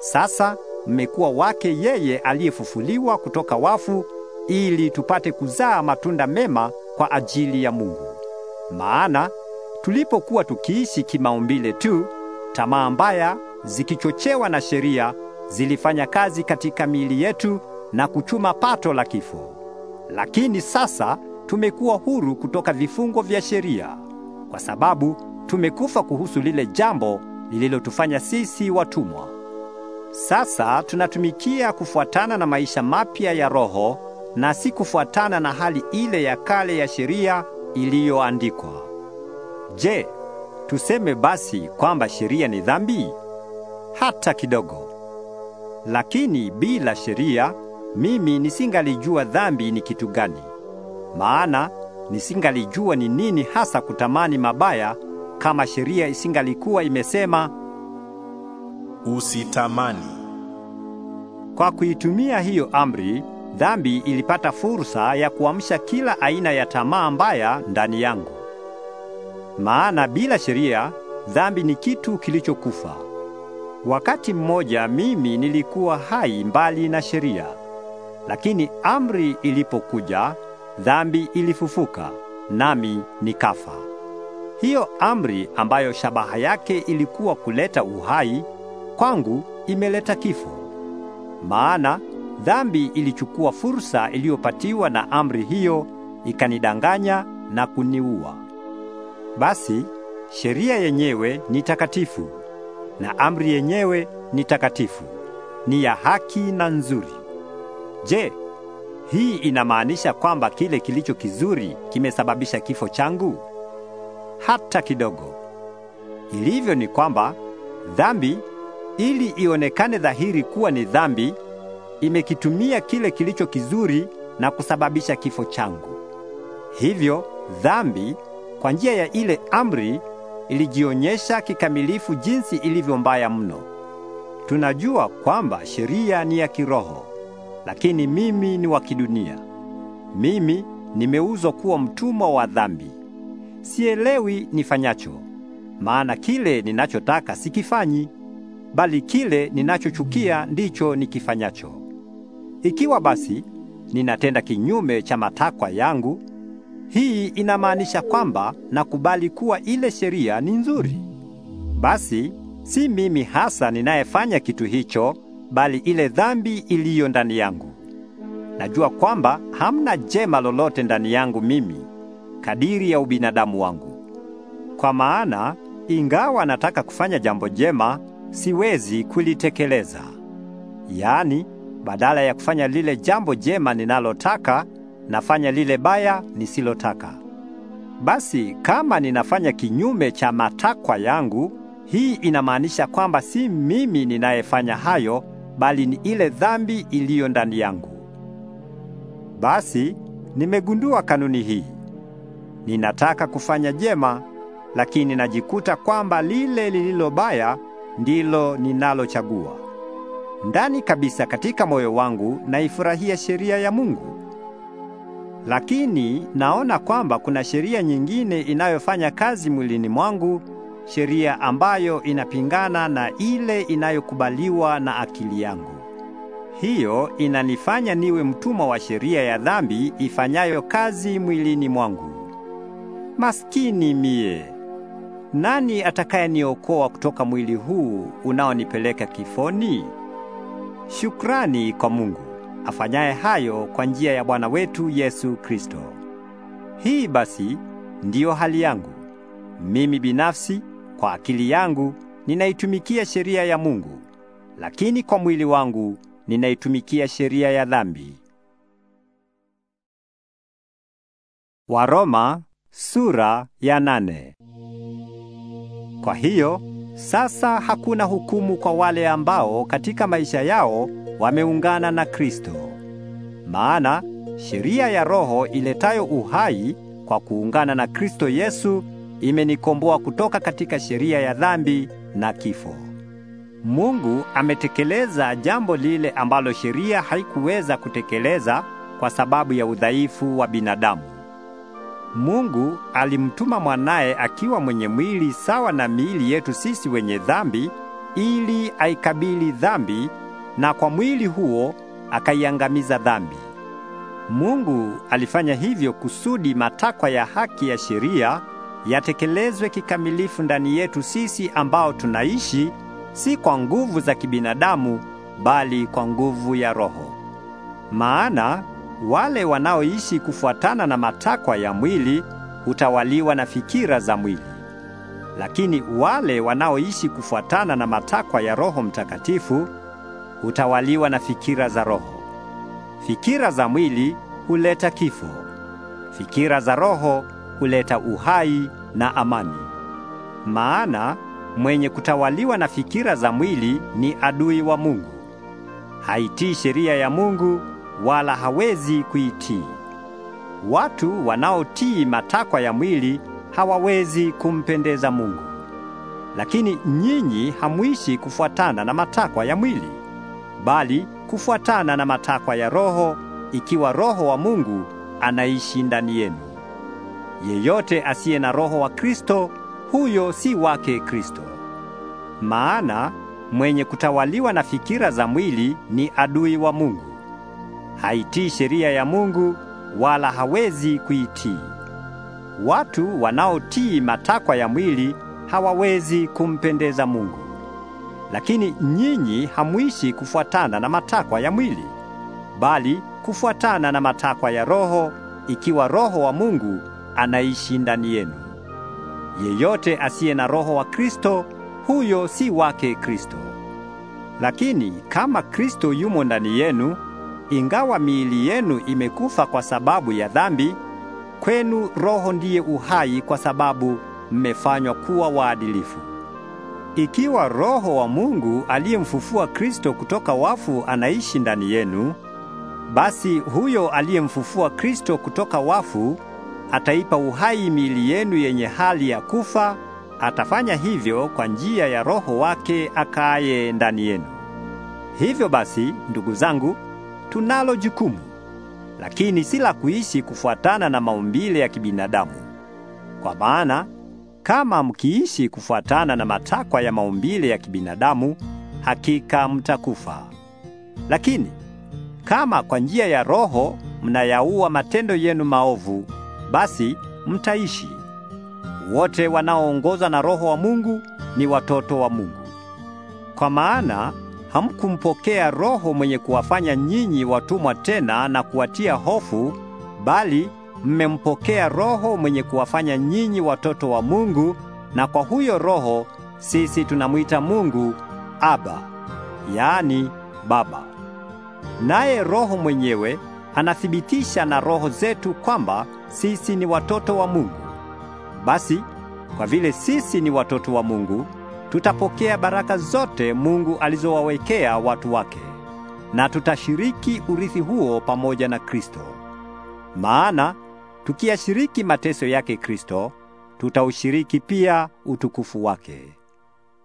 Sasa mmekuwa wake yeye aliyefufuliwa kutoka wafu, ili tupate kuzaa matunda mema kwa ajili ya Mungu. Maana tulipokuwa tukiishi kimaumbile tu, tamaa mbaya zikichochewa na sheria zilifanya kazi katika miili yetu na kuchuma pato la kifo. Lakini sasa tumekuwa huru kutoka vifungo vya sheria, kwa sababu tumekufa kuhusu lile jambo lililotufanya sisi watumwa. Sasa tunatumikia kufuatana na maisha mapya ya Roho na si kufuatana na hali ile ya kale ya sheria iliyoandikwa. Je, tuseme basi kwamba sheria ni dhambi? Hata kidogo! Lakini bila sheria mimi nisingalijua dhambi ni kitu gani maana nisingalijua ni nini hasa kutamani mabaya kama sheria isingalikuwa imesema usitamani. Kwa kuitumia hiyo amri, dhambi ilipata fursa ya kuamsha kila aina ya tamaa mbaya ndani yangu. Maana bila sheria, dhambi ni kitu kilichokufa. Wakati mmoja mimi nilikuwa hai mbali na sheria. Lakini amri ilipokuja, dhambi ilifufuka nami nikafa. Hiyo amri ambayo shabaha yake ilikuwa kuleta uhai kwangu imeleta kifo. Maana dhambi ilichukua fursa iliyopatiwa na amri hiyo ikanidanganya na kuniua. Basi sheria yenyewe ni takatifu na amri yenyewe ni takatifu, ni ya haki na nzuri. Je, hii inamaanisha kwamba kile kilicho kizuri kimesababisha kifo changu? Hata kidogo. Ilivyo ni kwamba dhambi, ili ionekane dhahiri kuwa ni dhambi, imekitumia kile kilicho kizuri na kusababisha kifo changu. Hivyo dhambi kwa njia ya ile amri ilijionyesha kikamilifu jinsi ilivyo mbaya mno. Tunajua kwamba sheria ni ya kiroho, lakini mimi ni wa kidunia. Mimi nimeuzwa kuwa mtumwa wa dhambi. Sielewi nifanyacho, maana kile ninachotaka sikifanyi, bali kile ninachochukia ndicho nikifanyacho. Ikiwa basi ninatenda kinyume cha matakwa yangu, hii inamaanisha kwamba nakubali kuwa ile sheria ni nzuri. Basi si mimi hasa ninayefanya kitu hicho, bali ile dhambi iliyo ndani yangu. Najua kwamba hamna jema lolote ndani yangu mimi, kadiri ya ubinadamu wangu. Kwa maana ingawa nataka kufanya jambo jema, siwezi kulitekeleza. Yaani, badala ya kufanya lile jambo jema ninalotaka, nafanya lile baya nisilotaka. Basi kama ninafanya kinyume cha matakwa yangu, hii inamaanisha kwamba si mimi ninayefanya hayo, bali ni ile dhambi iliyo ndani yangu. Basi nimegundua kanuni hii. Ninataka kufanya jema, lakini najikuta kwamba lile lililo baya ndilo ninalochagua. Ndani kabisa katika moyo wangu naifurahia sheria ya Mungu. Lakini naona kwamba kuna sheria nyingine inayofanya kazi mwilini mwangu sheria ambayo inapingana na ile inayokubaliwa na akili yangu. Hiyo inanifanya niwe mtumwa wa sheria ya dhambi ifanyayo kazi mwilini mwangu. Maskini mie! Nani atakayeniokoa kutoka mwili huu unaonipeleka kifoni? Shukrani kwa Mungu afanyaye hayo kwa njia ya Bwana wetu Yesu Kristo. Hii basi ndiyo hali yangu mimi binafsi. Kwa akili yangu ninaitumikia sheria ya Mungu, lakini kwa mwili wangu ninaitumikia sheria ya dhambi. Waroma sura ya nane. Kwa hiyo sasa hakuna hukumu kwa wale ambao katika maisha yao wameungana na Kristo. Maana sheria ya roho iletayo uhai kwa kuungana na Kristo Yesu imenikomboa kutoka katika sheria ya dhambi na kifo. Mungu ametekeleza jambo lile ambalo sheria haikuweza kutekeleza kwa sababu ya udhaifu wa binadamu. Mungu alimtuma mwanaye akiwa mwenye mwili sawa na miili yetu sisi wenye dhambi ili aikabili dhambi na kwa mwili huo akaiangamiza dhambi. Mungu alifanya hivyo kusudi matakwa ya haki ya sheria yatekelezwe kikamilifu ndani yetu sisi ambao tunaishi si kwa nguvu za kibinadamu bali kwa nguvu ya Roho. Maana wale wanaoishi kufuatana na matakwa ya mwili hutawaliwa na fikira za mwili. Lakini wale wanaoishi kufuatana na matakwa ya Roho Mtakatifu hutawaliwa na fikira za Roho. Fikira za mwili huleta kifo. Fikira za Roho huleta uhai na amani. Maana mwenye kutawaliwa na fikira za mwili ni adui wa Mungu. Haitii sheria ya Mungu wala hawezi kuitii. Watu wanaotii matakwa ya mwili hawawezi kumpendeza Mungu. Lakini nyinyi hamwishi kufuatana na matakwa ya mwili, bali kufuatana na matakwa ya Roho, ikiwa Roho wa Mungu anaishi ndani yenu. Yeyote asiye na roho wa Kristo, huyo si wake Kristo. Maana mwenye kutawaliwa na fikira za mwili ni adui wa Mungu. Haitii sheria ya Mungu wala hawezi kuitii. Watu wanaotii matakwa ya mwili hawawezi kumpendeza Mungu. Lakini nyinyi hamwishi kufuatana na matakwa ya mwili, bali kufuatana na matakwa ya Roho, ikiwa Roho wa Mungu anaishi ndani yenu. Yeyote asiye na roho wa Kristo, huyo si wake Kristo. Lakini kama Kristo yumo ndani yenu, ingawa miili yenu imekufa kwa sababu ya dhambi, kwenu roho ndiye uhai kwa sababu mmefanywa kuwa waadilifu. Ikiwa roho wa Mungu aliyemfufua Kristo kutoka wafu anaishi ndani yenu, basi huyo aliyemfufua Kristo kutoka wafu ataipa uhai miili yenu yenye hali ya kufa, atafanya hivyo kwa njia ya Roho wake akaye ndani yenu. Hivyo basi, ndugu zangu, tunalo jukumu, lakini si la kuishi kufuatana na maumbile ya kibinadamu. Kwa maana kama mkiishi kufuatana na matakwa ya maumbile ya kibinadamu, hakika mtakufa. Lakini kama kwa njia ya Roho mnayaua matendo yenu maovu, basi mtaishi. Wote wanaoongozwa na Roho wa Mungu ni watoto wa Mungu. Kwa maana hamkumpokea roho mwenye kuwafanya nyinyi watumwa tena na kuwatia hofu, bali mmempokea roho mwenye kuwafanya nyinyi watoto wa Mungu, na kwa huyo roho sisi tunamwita Mungu Aba, yaani Baba. Naye roho mwenyewe anathibitisha na roho zetu kwamba sisi ni watoto wa Mungu. Basi kwa vile sisi ni watoto wa Mungu, tutapokea baraka zote Mungu alizowawekea watu wake na tutashiriki urithi huo pamoja na Kristo. Maana tukiyashiriki mateso yake Kristo, tutaushiriki pia utukufu wake.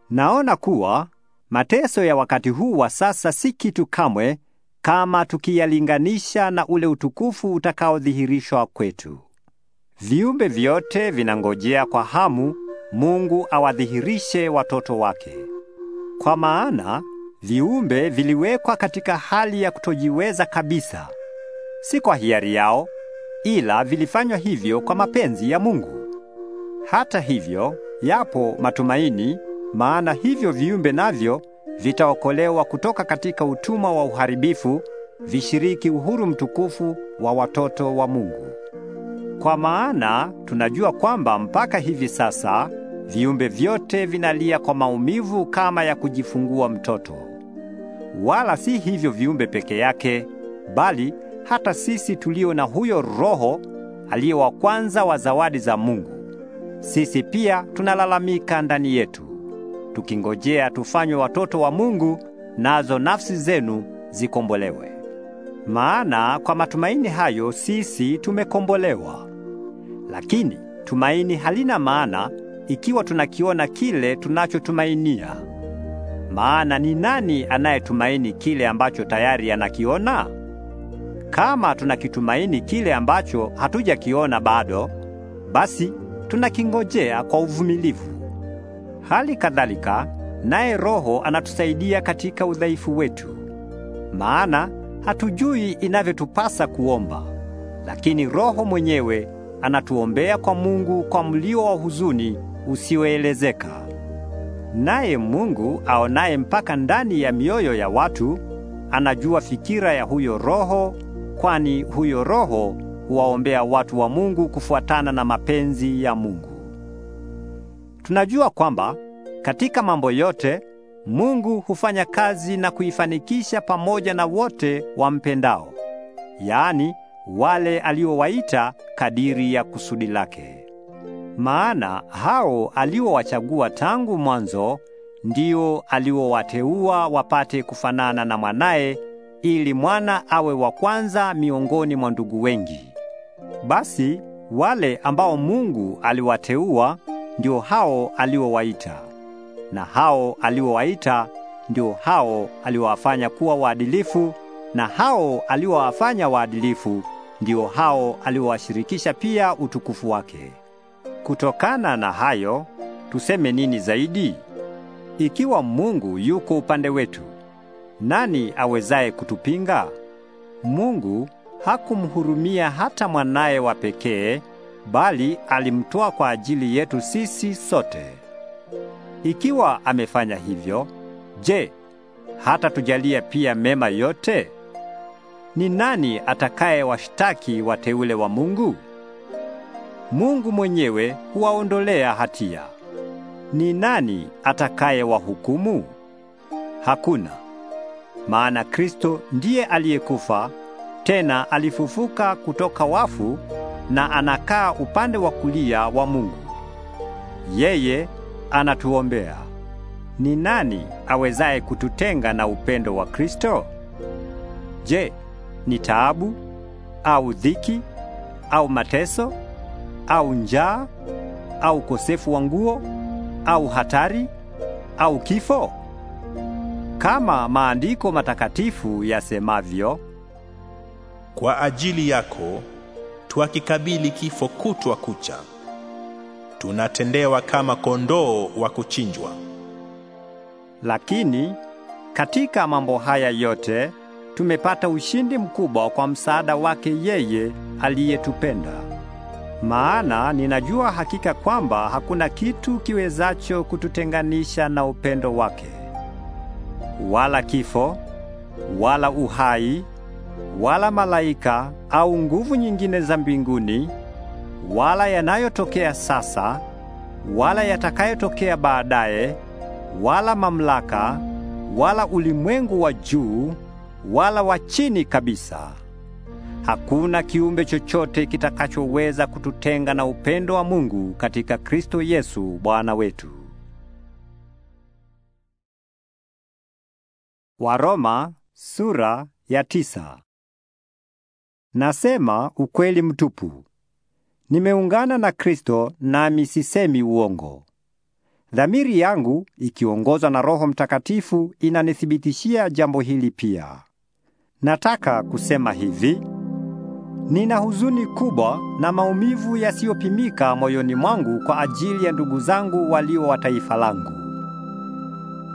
Naona kuwa mateso ya wakati huu wa sasa si kitu kamwe kama tukiyalinganisha na ule utukufu utakaodhihirishwa kwetu. Viumbe vyote vinangojea kwa hamu Mungu awadhihirishe watoto wake. Kwa maana viumbe viliwekwa katika hali ya kutojiweza kabisa, si kwa hiari yao, ila vilifanywa hivyo kwa mapenzi ya Mungu. Hata hivyo, yapo matumaini, maana hivyo viumbe navyo vitaokolewa kutoka katika utumwa wa uharibifu, vishiriki uhuru mtukufu wa watoto wa Mungu. Kwa maana tunajua kwamba mpaka hivi sasa viumbe vyote vinalia kwa maumivu kama ya kujifungua mtoto. Wala si hivyo viumbe peke yake, bali hata sisi tulio na huyo Roho aliye wa kwanza wa zawadi za Mungu. Sisi pia tunalalamika ndani yetu tukingojea tufanywe watoto wa Mungu, nazo nafsi zenu zikombolewe. Maana kwa matumaini hayo sisi tumekombolewa. Lakini tumaini halina maana ikiwa tunakiona kile tunachotumainia. Maana ni nani anayetumaini kile ambacho tayari anakiona? Kama tunakitumaini kile ambacho hatujakiona bado, basi tunakingojea kwa uvumilivu. Hali kadhalika naye Roho anatusaidia katika udhaifu wetu, maana hatujui inavyotupasa kuomba, lakini Roho mwenyewe anatuombea kwa Mungu kwa mlio wa huzuni usioelezeka. Naye Mungu aonaye mpaka ndani ya mioyo ya watu anajua fikira ya huyo Roho, kwani huyo Roho huwaombea watu wa Mungu kufuatana na mapenzi ya Mungu. Tunajua kwamba katika mambo yote Mungu hufanya kazi na kuifanikisha pamoja na wote wampendao, yaani wale aliowaita kadiri ya kusudi lake. Maana hao aliowachagua tangu mwanzo ndio aliowateua wapate kufanana na mwanaye, ili mwana awe wa kwanza miongoni mwa ndugu wengi. Basi wale ambao Mungu aliwateua ndio hao aliowaita, na hao aliowaita ndio hao aliowafanya kuwa waadilifu, na hao aliowafanya waadilifu ndio hao aliowashirikisha pia utukufu wake. Kutokana na hayo, tuseme nini zaidi? Ikiwa Mungu yuko upande wetu, nani awezaye kutupinga? Mungu hakumhurumia hata mwanaye wa pekee bali alimtoa kwa ajili yetu sisi sote. Ikiwa amefanya hivyo, je, hata tujalia pia mema yote? Ni nani atakaye washtaki wateule wa Mungu? Mungu mwenyewe huwaondolea hatia. Ni nani atakaye wahukumu? Hakuna. Maana Kristo ndiye aliyekufa tena alifufuka kutoka wafu na anakaa upande wa kulia wa Mungu. Yeye anatuombea. Ni nani awezaye kututenga na upendo wa Kristo? Je, ni taabu au dhiki au mateso au njaa au ukosefu wa nguo au hatari au kifo? Kama maandiko matakatifu yasemavyo, kwa ajili yako twakikabili kifo kutwa kucha, tunatendewa kama kondoo wa kuchinjwa. Lakini katika mambo haya yote tumepata ushindi mkubwa kwa msaada wake yeye aliyetupenda. Maana ninajua hakika kwamba hakuna kitu kiwezacho kututenganisha na upendo wake, wala kifo wala uhai wala malaika au nguvu nyingine za mbinguni, wala yanayotokea sasa, wala yatakayotokea baadaye, wala mamlaka, wala ulimwengu wa juu, wala wa chini kabisa. Hakuna kiumbe chochote kitakachoweza kututenga na upendo wa Mungu katika Kristo Yesu Bwana wetu. Waroma sura ya tisa. Nasema ukweli mtupu. Nimeungana na Kristo nami sisemi uongo. Dhamiri yangu ikiongozwa na Roho Mtakatifu inanithibitishia jambo hili pia. Nataka kusema hivi: nina huzuni kubwa na maumivu yasiyopimika moyoni mwangu kwa ajili ya ndugu zangu walio wa taifa langu.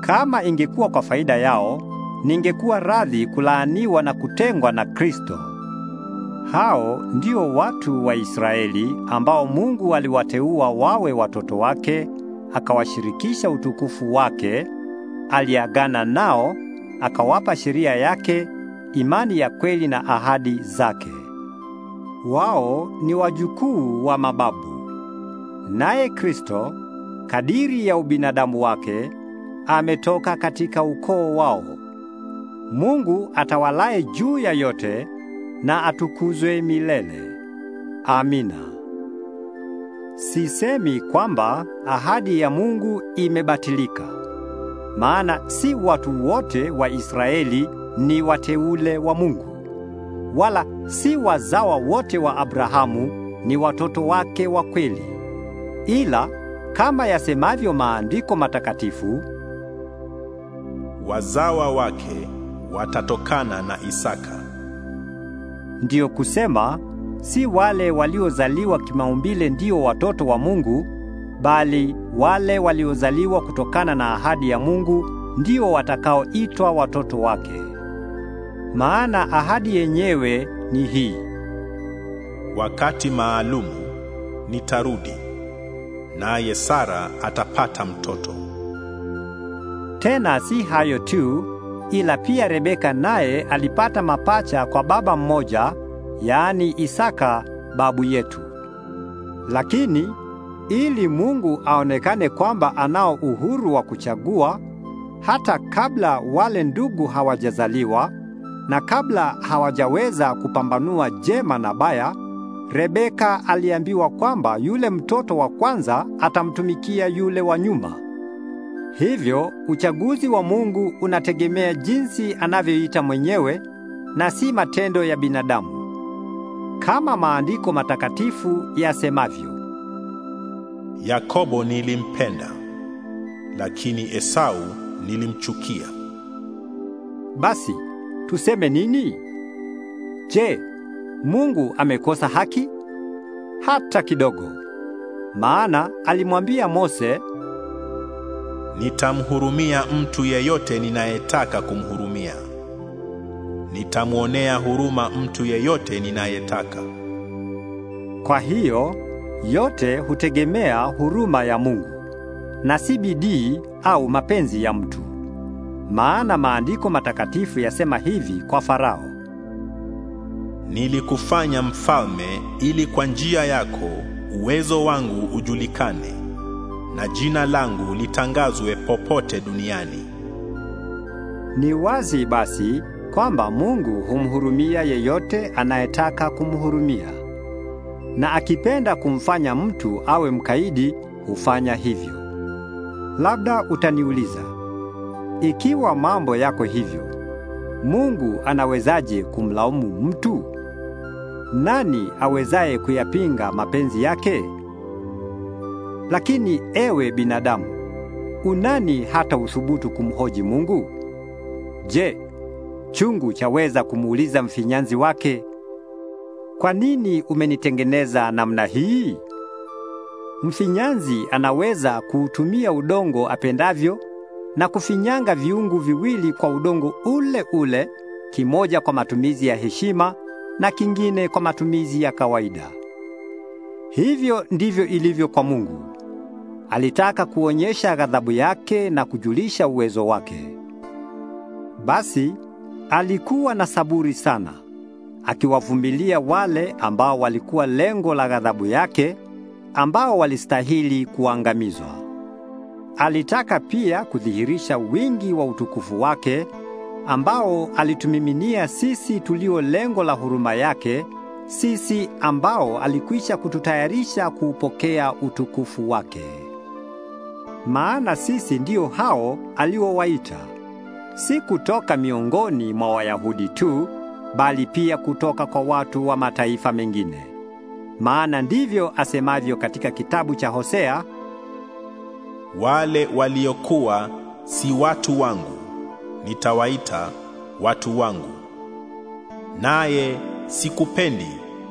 Kama ingekuwa kwa faida yao, ningekuwa radhi kulaaniwa na kutengwa na Kristo. Hao ndio watu wa Israeli ambao Mungu aliwateua wawe watoto wake, akawashirikisha utukufu wake, aliagana nao, akawapa sheria yake, imani ya kweli na ahadi zake. Wao ni wajukuu wa mababu. Naye Kristo, kadiri ya ubinadamu wake, ametoka katika ukoo wao. Mungu atawalaye juu ya yote na atukuzwe milele. Amina. Sisemi kwamba ahadi ya Mungu imebatilika. Maana si watu wote wa Israeli ni wateule wa Mungu. Wala si wazawa wote wa Abrahamu ni watoto wake wa kweli. Ila kama yasemavyo maandiko matakatifu, wazawa wake watatokana na Isaka ndiyo kusema si wale waliozaliwa kimaumbile ndio watoto wa Mungu, bali wale waliozaliwa kutokana na ahadi ya Mungu ndio watakaoitwa watoto wake. Maana ahadi yenyewe ni hii: wakati maalumu nitarudi, naye Sara atapata mtoto. Tena si hayo tu, ila pia Rebeka naye alipata mapacha kwa baba mmoja, yaani Isaka babu yetu. Lakini ili Mungu aonekane kwamba anao uhuru wa kuchagua hata kabla wale ndugu hawajazaliwa na kabla hawajaweza kupambanua jema na baya, Rebeka aliambiwa kwamba yule mtoto wa kwanza atamtumikia yule wa nyuma. Hivyo uchaguzi wa Mungu unategemea jinsi anavyoita mwenyewe na si matendo ya binadamu. Kama maandiko matakatifu yasemavyo, Yakobo nilimpenda, lakini Esau nilimchukia. Basi tuseme nini? Je, Mungu amekosa haki? Hata kidogo. Maana alimwambia Mose nitamhurumia mtu yeyote ninayetaka kumhurumia, nitamwonea huruma mtu yeyote ninayetaka. Kwa hiyo yote hutegemea huruma ya Mungu na si bidii au mapenzi ya mtu, maana maandiko matakatifu yasema hivi kwa Farao: nilikufanya mfalme ili kwa njia yako uwezo wangu ujulikane na jina langu litangazwe popote duniani. Ni wazi basi kwamba Mungu humhurumia yeyote anayetaka kumhurumia. Na akipenda kumfanya mtu awe mkaidi, hufanya hivyo. Labda utaniuliza, ikiwa mambo yako hivyo, Mungu anawezaje kumlaumu mtu? Nani awezaye kuyapinga mapenzi yake? Lakini ewe binadamu, unani hata usubutu kumhoji Mungu? Je, chungu chaweza kumuuliza mfinyanzi wake, kwa nini umenitengeneza namna hii? Mfinyanzi anaweza kuutumia udongo apendavyo na kufinyanga viungu viwili kwa udongo ule ule, kimoja kwa matumizi ya heshima na kingine kwa matumizi ya kawaida. Hivyo ndivyo ilivyo kwa Mungu. Alitaka kuonyesha ghadhabu yake na kujulisha uwezo wake. Basi alikuwa na saburi sana, akiwavumilia wale ambao walikuwa lengo la ghadhabu yake, ambao walistahili kuangamizwa. Alitaka pia kudhihirisha wingi wa utukufu wake ambao alitumiminia sisi tulio lengo la huruma yake, sisi ambao alikwisha kututayarisha kuupokea utukufu wake maana sisi ndio hao aliowaita, si kutoka miongoni mwa Wayahudi tu, bali pia kutoka kwa watu wa mataifa mengine. Maana ndivyo asemavyo katika kitabu cha Hosea, wale waliokuwa si watu wangu nitawaita watu wangu, naye sikupendi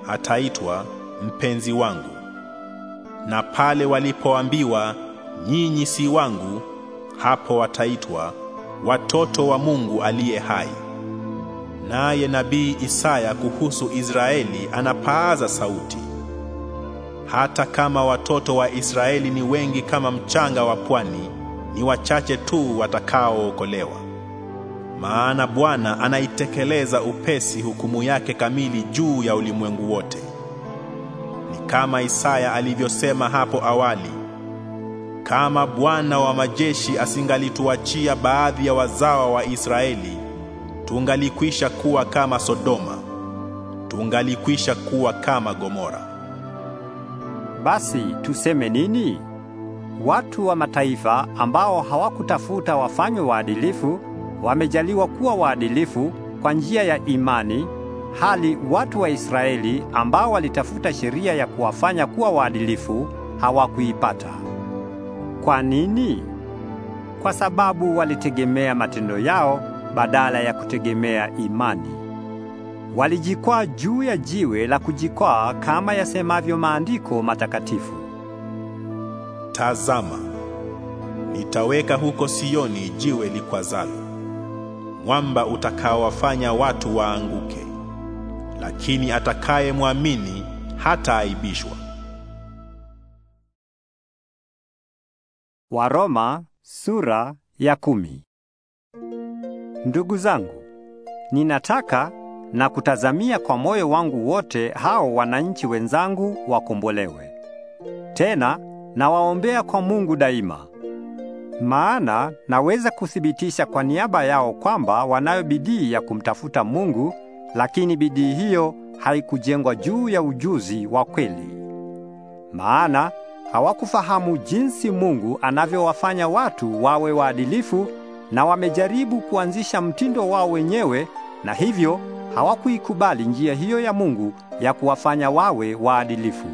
ataitwa mpenzi wangu. Na pale walipoambiwa nyinyi si wangu, hapo wataitwa watoto wa Mungu aliye hai. Naye nabii Isaya kuhusu Israeli anapaaza sauti, hata kama watoto wa Israeli ni wengi kama mchanga wa pwani, ni wachache tu watakaookolewa. Maana Bwana anaitekeleza upesi hukumu yake kamili juu ya ulimwengu wote. Ni kama Isaya alivyosema hapo awali, kama Bwana wa majeshi asingalituachia baadhi ya wazawa wa Israeli, tungalikwisha kuwa kama Sodoma, tungalikwisha kuwa kama Gomora. Basi tuseme nini? Watu wa mataifa ambao hawakutafuta wafanywe waadilifu wamejaliwa kuwa waadilifu kwa njia ya imani, hali watu wa Israeli ambao walitafuta sheria ya kuwafanya kuwa waadilifu hawakuipata. Kwa nini? Kwa sababu walitegemea matendo yao badala ya kutegemea imani. Walijikwaa juu ya jiwe la kujikwaa, kama yasemavyo maandiko matakatifu. Tazama, nitaweka huko Sioni jiwe likwazalo, mwamba utakaowafanya watu waanguke, lakini atakayemwamini hataaibishwa. Waroma sura ya kumi. Ndugu zangu, ninataka na kutazamia kwa moyo wangu wote hao wananchi wenzangu wakombolewe. Tena nawaombea kwa Mungu daima. Maana naweza kuthibitisha kwa niaba yao kwamba wanayo bidii ya kumtafuta Mungu, lakini bidii hiyo haikujengwa juu ya ujuzi wa kweli. Maana hawakufahamu jinsi Mungu anavyowafanya watu wawe waadilifu na wamejaribu kuanzisha mtindo wao wenyewe na hivyo hawakuikubali njia hiyo ya Mungu ya kuwafanya wawe waadilifu.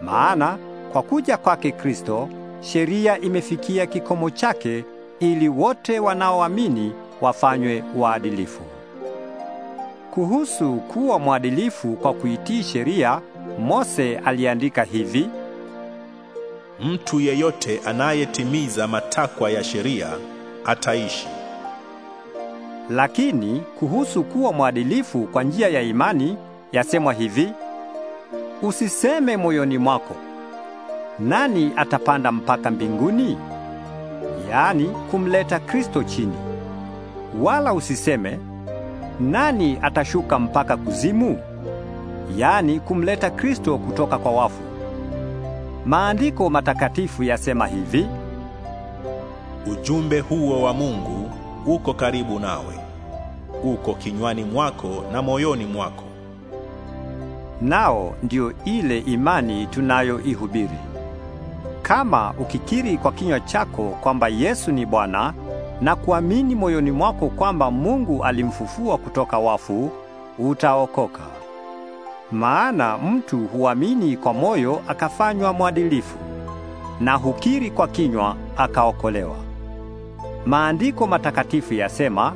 Maana kwa kuja kwake Kristo, sheria imefikia kikomo chake ili wote wanaoamini wafanywe waadilifu. Kuhusu kuwa mwadilifu kwa kuitii sheria, Mose aliandika hivi: mtu yeyote anayetimiza matakwa ya sheria ataishi. Lakini kuhusu kuwa mwadilifu kwa njia ya imani yasemwa hivi: usiseme moyoni mwako, nani atapanda mpaka mbinguni, yaani kumleta Kristo chini, wala usiseme nani atashuka mpaka kuzimu, yaani kumleta Kristo kutoka kwa wafu. Maandiko matakatifu yasema hivi: ujumbe huo wa Mungu uko karibu nawe, uko kinywani mwako na moyoni mwako. Nao ndio ile imani tunayoihubiri. Kama ukikiri kwa kinywa chako kwamba Yesu ni Bwana na kuamini moyoni mwako kwamba Mungu alimfufua kutoka wafu, utaokoka. Maana mtu huamini kwa moyo akafanywa mwadilifu, na hukiri kwa kinywa akaokolewa. Maandiko matakatifu yasema,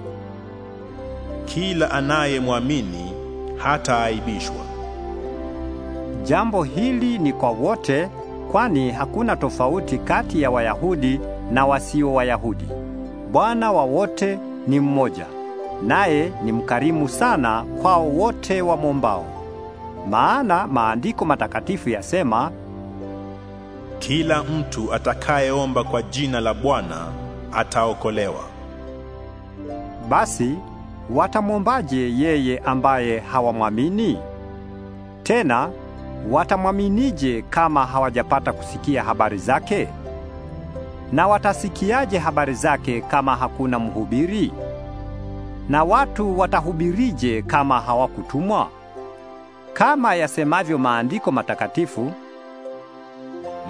kila anayemwamini hataaibishwa. Jambo hili ni kwa wote, kwani hakuna tofauti kati ya Wayahudi na wasio Wayahudi. Bwana wa wote ni mmoja, naye ni mkarimu sana kwao wote wamwombao maana maandiko matakatifu yasema, kila mtu atakayeomba kwa jina la Bwana ataokolewa. Basi watamwombaje yeye ambaye hawamwamini? Tena watamwaminije kama hawajapata kusikia habari zake? Na watasikiaje habari zake kama hakuna mhubiri? Na watu watahubirije kama hawakutumwa? Kama yasemavyo maandiko matakatifu,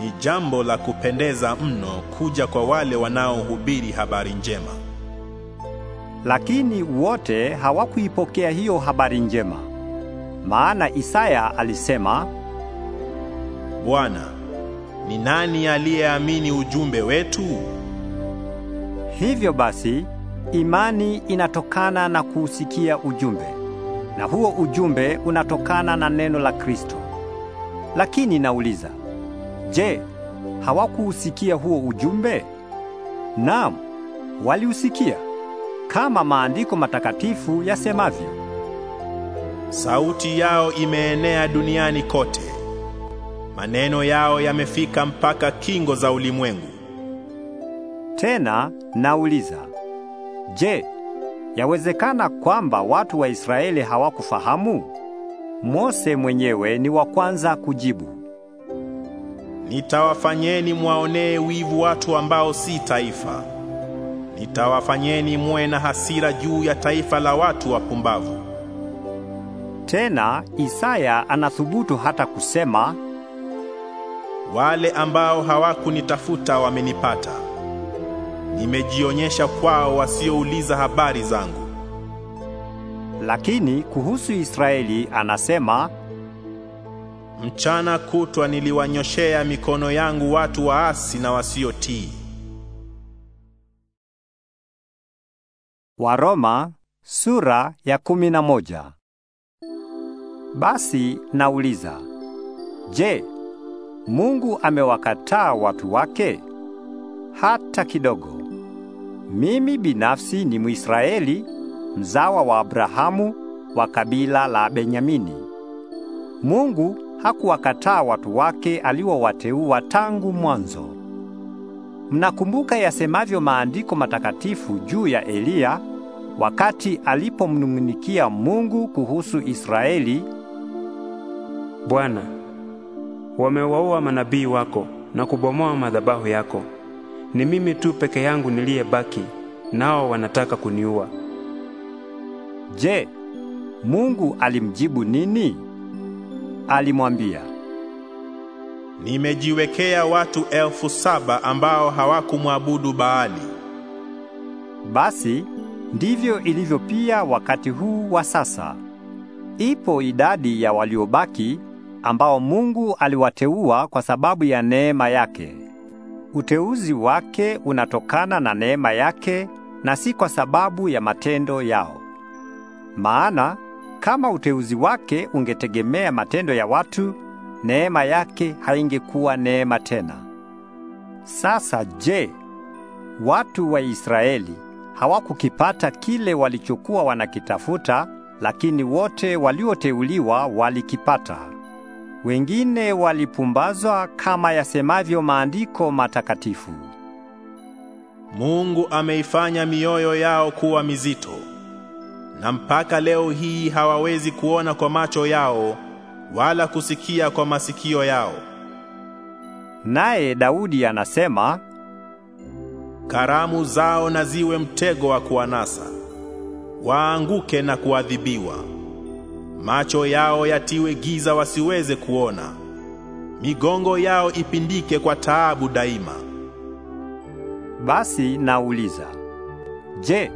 ni jambo la kupendeza mno kuja kwa wale wanaohubiri habari njema. Lakini wote hawakuipokea hiyo habari njema. Maana Isaya alisema, Bwana, ni nani aliyeamini ujumbe wetu? Hivyo basi, imani inatokana na kuusikia ujumbe na huo ujumbe unatokana na neno la Kristo. Lakini nauliza, je, hawakuusikia huo ujumbe? Naam, waliusikia kama maandiko matakatifu yasemavyo, sauti yao imeenea duniani kote, maneno yao yamefika mpaka kingo za ulimwengu. Tena nauliza, je, Yawezekana kwamba watu wa Israeli hawakufahamu? Mose mwenyewe ni wa kwanza kujibu. Nitawafanyeni mwaonee wivu watu ambao si taifa. Nitawafanyeni muwe na hasira juu ya taifa la watu wapumbavu. Tena Isaya anathubutu hata kusema, wale ambao hawakunitafuta wamenipata nimejionyesha kwao wasiouliza habari zangu. Lakini kuhusu Israeli anasema, mchana kutwa niliwanyoshea mikono yangu watu waasi na wasiotii. Waroma sura ya kumi na moja. Basi nauliza, je, Mungu amewakataa watu wake? Hata kidogo. Mimi binafsi ni Mwisraeli, mzawa wa Abrahamu wa kabila la Benyamini. Mungu hakuwakataa watu wake aliowateua tangu mwanzo. Mnakumbuka yasemavyo maandiko matakatifu juu ya Eliya wakati alipomnung'unikia Mungu kuhusu Israeli, Bwana, wamewaua manabii wako na kubomoa madhabahu yako. Ni mimi tu peke yangu niliyebaki, nao wanataka kuniua. Je, Mungu alimjibu nini? Alimwambia, nimejiwekea watu elfu saba ambao hawakumwabudu Baali. Basi ndivyo ilivyo pia wakati huu wa sasa. Ipo idadi ya waliobaki ambao Mungu aliwateua kwa sababu ya neema yake. Uteuzi wake unatokana na neema yake na si kwa sababu ya matendo yao. Maana kama uteuzi wake ungetegemea matendo ya watu, neema yake haingekuwa neema tena. Sasa je, watu wa Israeli hawakukipata kile walichokuwa wanakitafuta, lakini wote walioteuliwa walikipata. Wengine walipumbazwa kama yasemavyo maandiko matakatifu. Mungu ameifanya mioyo yao kuwa mizito na mpaka leo hii hawawezi kuona kwa macho yao wala kusikia kwa masikio yao. Naye Daudi anasema, karamu zao na ziwe mtego wa kuwanasa, waanguke na kuadhibiwa macho yao yatiwe giza wasiweze kuona, migongo yao ipindike kwa taabu daima. Basi nauliza, je,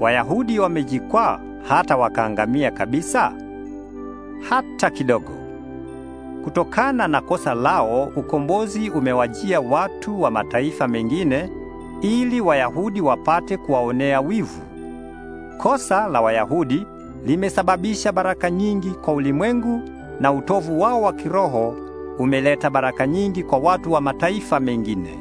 Wayahudi wamejikwaa hata wakaangamia kabisa? Hata kidogo. Kutokana na kosa lao, ukombozi umewajia watu wa mataifa mengine ili Wayahudi wapate kuwaonea wivu. Kosa la Wayahudi limesababisha baraka nyingi kwa ulimwengu na utovu wao wa kiroho umeleta baraka nyingi kwa watu wa mataifa mengine.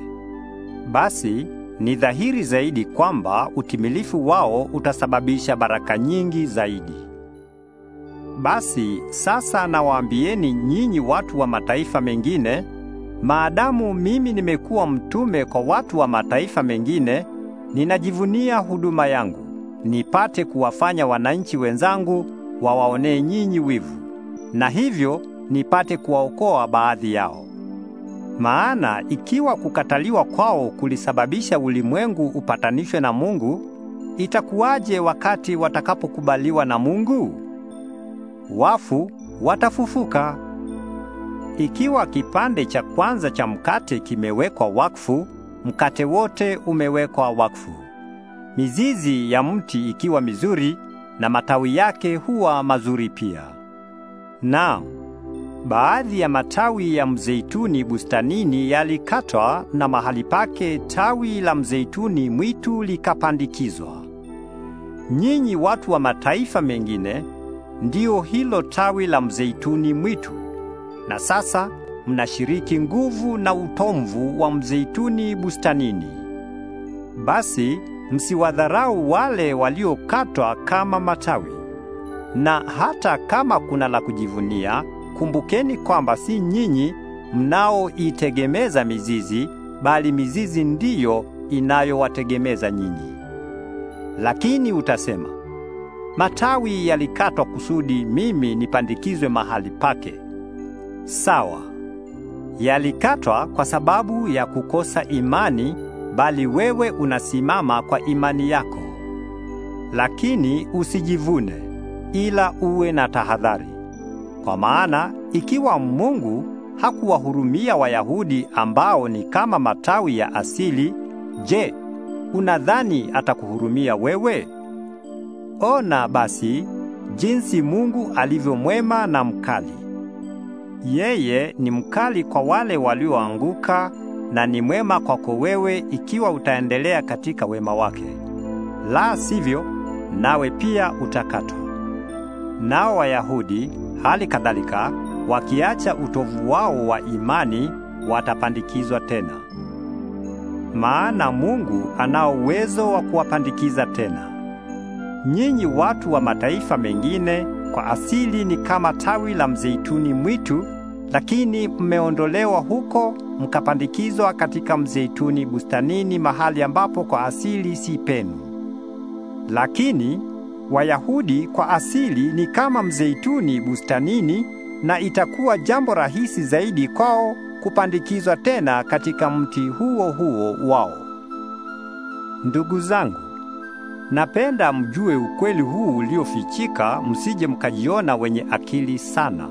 Basi ni dhahiri zaidi kwamba utimilifu wao utasababisha baraka nyingi zaidi. Basi sasa nawaambieni nyinyi watu wa mataifa mengine, maadamu mimi nimekuwa mtume kwa watu wa mataifa mengine, ninajivunia huduma yangu nipate kuwafanya wananchi wenzangu wawaonee nyinyi wivu, na hivyo nipate kuwaokoa baadhi yao. Maana ikiwa kukataliwa kwao kulisababisha ulimwengu upatanishwe na Mungu, itakuwaje wakati watakapokubaliwa na Mungu? Wafu watafufuka. Ikiwa kipande cha kwanza cha mkate kimewekwa wakfu, mkate wote umewekwa wakfu. Mizizi ya mti ikiwa mizuri na matawi yake huwa mazuri pia. Naam, baadhi ya matawi ya mzeituni bustanini yalikatwa na mahali pake tawi la mzeituni mwitu likapandikizwa. Nyinyi watu wa mataifa mengine ndio hilo tawi la mzeituni mwitu. Na sasa mnashiriki nguvu na utomvu wa mzeituni bustanini. Basi msiwadharau wale waliokatwa kama matawi. Na hata kama kuna la kujivunia, kumbukeni kwamba si nyinyi mnaoitegemeza mizizi, bali mizizi ndiyo inayowategemeza nyinyi. Lakini utasema, matawi yalikatwa kusudi mimi nipandikizwe mahali pake. Sawa. Yalikatwa kwa sababu ya kukosa imani bali wewe unasimama kwa imani yako. Lakini usijivune, ila uwe na tahadhari, kwa maana ikiwa Mungu hakuwahurumia Wayahudi ambao ni kama matawi ya asili, je, unadhani atakuhurumia wewe? Ona basi jinsi Mungu alivyo mwema na mkali. Yeye ni mkali kwa wale walioanguka na ni mwema kwako wewe ikiwa utaendelea katika wema wake. La sivyo, nawe pia utakatwa. Nao Wayahudi hali kadhalika, wakiacha utovu wao wa imani, watapandikizwa tena. Maana Mungu anao uwezo wa kuwapandikiza tena. Nyinyi watu wa mataifa mengine kwa asili ni kama tawi la mzeituni mwitu lakini mmeondolewa huko mkapandikizwa katika mzeituni bustanini, mahali ambapo kwa asili si penu. Lakini Wayahudi kwa asili ni kama mzeituni bustanini, na itakuwa jambo rahisi zaidi kwao kupandikizwa tena katika mti huo huo wao. Ndugu zangu, napenda mjue ukweli huu uliofichika, msije mkajiona wenye akili sana.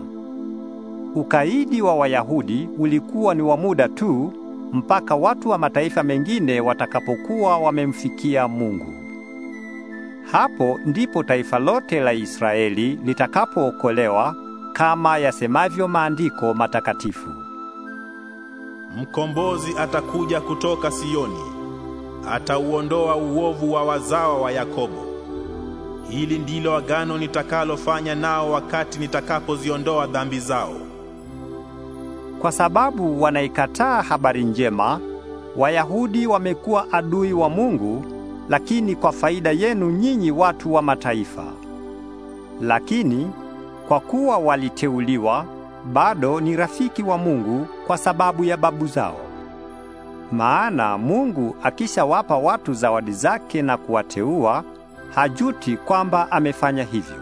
Ukaidi wa Wayahudi ulikuwa ni wa muda tu mpaka watu wa mataifa mengine watakapokuwa wamemfikia Mungu. Hapo ndipo taifa lote la Israeli litakapookolewa kama yasemavyo maandiko matakatifu. Mkombozi atakuja kutoka Sioni, atauondoa uovu wa wazawa wa Yakobo. Hili ndilo agano nitakalofanya nao wakati nitakapoziondoa dhambi zao kwa sababu wanaikataa habari njema, Wayahudi wamekuwa adui wa Mungu, lakini kwa faida yenu nyinyi watu wa mataifa. Lakini kwa kuwa waliteuliwa, bado ni rafiki wa Mungu kwa sababu ya babu zao. Maana Mungu akishawapa watu zawadi zake na kuwateua, hajuti kwamba amefanya hivyo.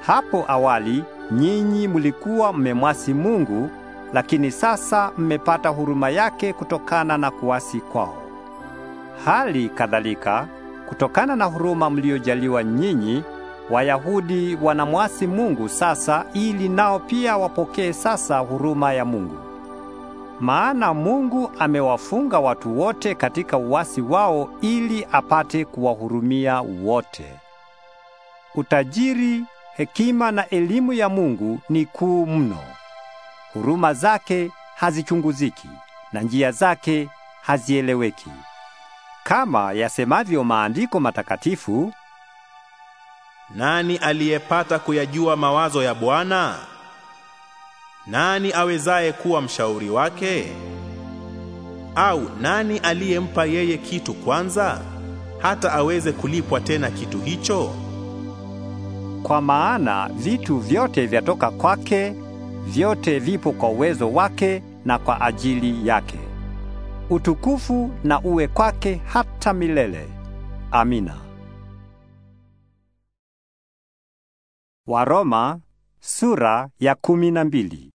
Hapo awali nyinyi mlikuwa mmemwasi Mungu lakini sasa mmepata huruma yake kutokana na kuasi kwao. Hali kadhalika, kutokana na huruma mliojaliwa nyinyi, Wayahudi wanamwasi Mungu sasa ili nao pia wapokee sasa huruma ya Mungu. Maana Mungu amewafunga watu wote katika uasi wao ili apate kuwahurumia wote. Utajiri, hekima na elimu ya Mungu ni kuu mno. Huruma zake hazichunguziki na njia zake hazieleweki. Kama yasemavyo maandiko matakatifu, nani aliyepata kuyajua mawazo ya Bwana? Nani awezaye kuwa mshauri wake? Au nani aliyempa yeye kitu kwanza hata aweze kulipwa tena kitu hicho? Kwa maana vitu vyote vyatoka kwake vyote vipo kwa uwezo wake na kwa ajili yake. Utukufu na uwe kwake hata milele. Amina. Waroma sura ya kumi na mbili.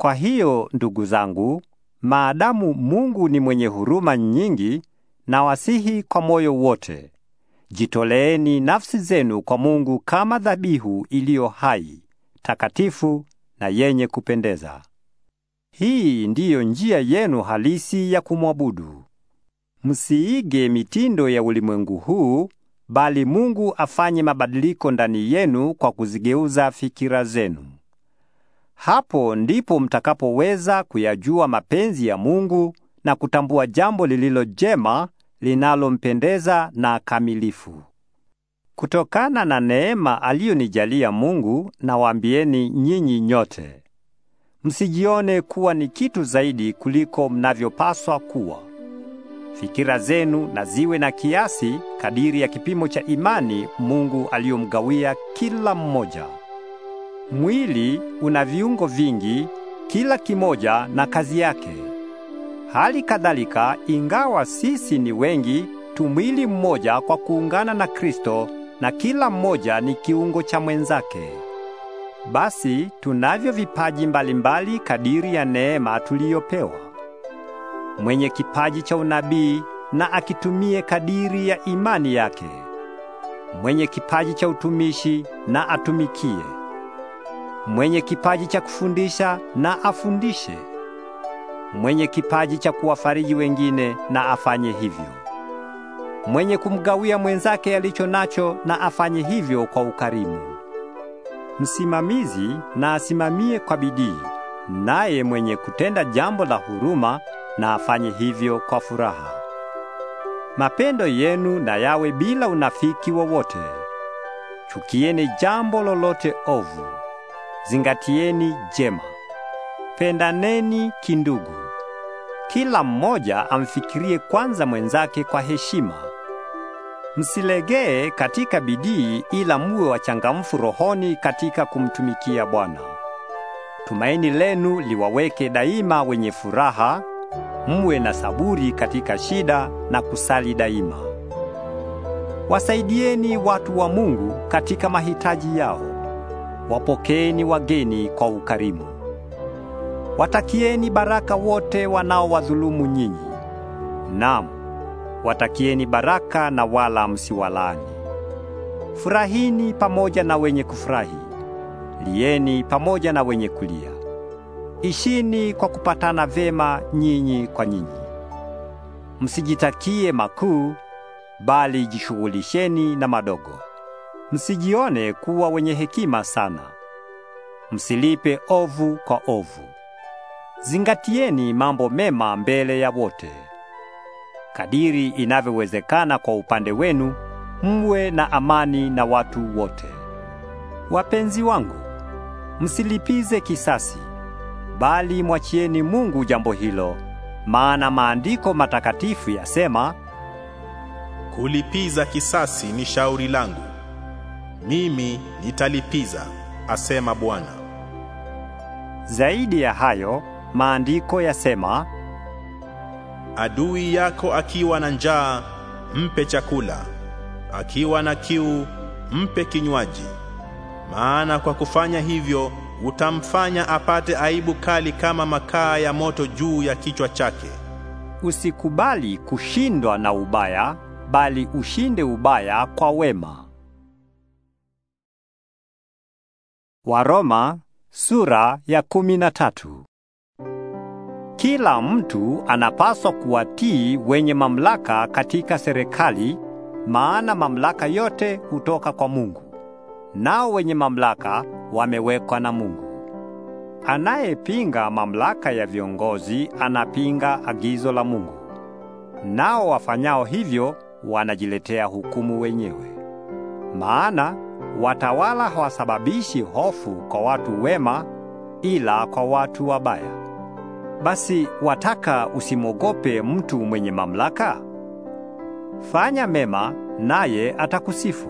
Kwa hiyo ndugu zangu, maadamu Mungu ni mwenye huruma nyingi, na wasihi kwa moyo wote, jitoleeni nafsi zenu kwa Mungu kama dhabihu iliyo hai, takatifu na yenye kupendeza. Hii ndiyo njia yenu halisi ya kumwabudu. Msiige mitindo ya ulimwengu huu, bali Mungu afanye mabadiliko ndani yenu kwa kuzigeuza fikira zenu. Hapo ndipo mtakapoweza kuyajua mapenzi ya Mungu na kutambua jambo lililo jema, linalompendeza na kamilifu. Kutokana na neema aliyonijalia Mungu, nawaambieni nyinyi nyote, msijione kuwa ni kitu zaidi kuliko mnavyopaswa kuwa. Fikira zenu na ziwe na kiasi kadiri ya kipimo cha imani Mungu aliyomgawia kila mmoja. Mwili una viungo vingi, kila kimoja na kazi yake. Hali kadhalika, ingawa sisi ni wengi, tu mwili mmoja kwa kuungana na Kristo na kila mmoja ni kiungo cha mwenzake. Basi tunavyo vipaji mbalimbali mbali kadiri ya neema tuliyopewa. Mwenye kipaji cha unabii na akitumie kadiri ya imani yake. Mwenye kipaji cha utumishi na atumikie. Mwenye kipaji cha kufundisha na afundishe. Mwenye kipaji cha kuwafariji wengine na afanye hivyo. Mwenye kumgawia mwenzake alicho nacho na afanye hivyo kwa ukarimu. Msimamizi na asimamie kwa bidii, naye mwenye kutenda jambo la huruma na afanye hivyo kwa furaha. Mapendo yenu na yawe bila unafiki wowote. Chukieni jambo lolote ovu, zingatieni jema. Pendaneni kindugu. Kila mmoja amfikirie kwanza mwenzake kwa heshima. Msilegee katika bidii, ila muwe wachangamfu rohoni katika kumtumikia Bwana. Tumaini lenu liwaweke daima wenye furaha, muwe na saburi katika shida na kusali daima. Wasaidieni watu wa Mungu katika mahitaji yao. Wapokeeni wageni kwa ukarimu. Watakieni baraka wote wanaowadhulumu nyinyi. Naam watakieni baraka na wala msiwalani. Furahini pamoja na wenye kufurahi, lieni pamoja na wenye kulia. Ishini kwa kupatana vema nyinyi kwa nyinyi. Msijitakie makuu, bali jishughulisheni na madogo. Msijione kuwa wenye hekima sana. Msilipe ovu kwa ovu. Zingatieni mambo mema mbele ya wote kadiri inavyowezekana kwa upande wenu, mwe na amani na watu wote. Wapenzi wangu, msilipize kisasi, bali mwachieni Mungu jambo hilo, maana maandiko matakatifu yasema, kulipiza kisasi ni shauri langu, mimi nitalipiza, asema Bwana. Zaidi ya hayo maandiko yasema Adui yako akiwa na njaa, mpe chakula; akiwa na kiu, mpe kinywaji. Maana kwa kufanya hivyo utamfanya apate aibu kali kama makaa ya moto juu ya kichwa chake. Usikubali kushindwa na ubaya, bali ushinde ubaya kwa wema. Waroma sura ya kumi na tatu. Kila mtu anapaswa kuwatii wenye mamlaka katika serikali, maana mamlaka yote hutoka kwa Mungu. Nao wenye mamlaka wamewekwa na Mungu. Anayepinga mamlaka ya viongozi anapinga agizo la Mungu. Nao wafanyao hivyo wanajiletea hukumu wenyewe. Maana watawala hawasababishi hofu kwa watu wema, ila kwa watu wabaya. Basi wataka usimwogope mtu mwenye mamlaka? Fanya mema naye atakusifu,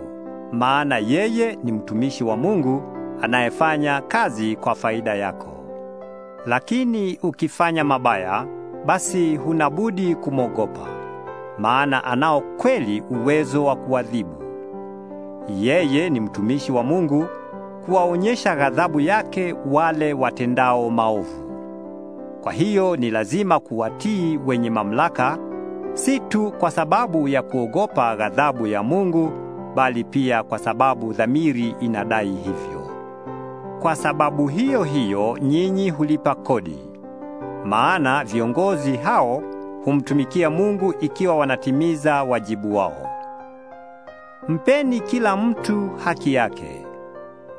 maana yeye ni mtumishi wa Mungu anayefanya kazi kwa faida yako. Lakini ukifanya mabaya, basi huna budi kumwogopa, maana anao kweli uwezo wa kuadhibu. Yeye ni mtumishi wa Mungu kuwaonyesha ghadhabu yake wale watendao maovu. Kwa hiyo ni lazima kuwatii wenye mamlaka, si tu kwa sababu ya kuogopa ghadhabu ya Mungu, bali pia kwa sababu dhamiri inadai hivyo. Kwa sababu hiyo hiyo nyinyi hulipa kodi. Maana viongozi hao humtumikia Mungu ikiwa wanatimiza wajibu wao. Mpeni kila mtu haki yake.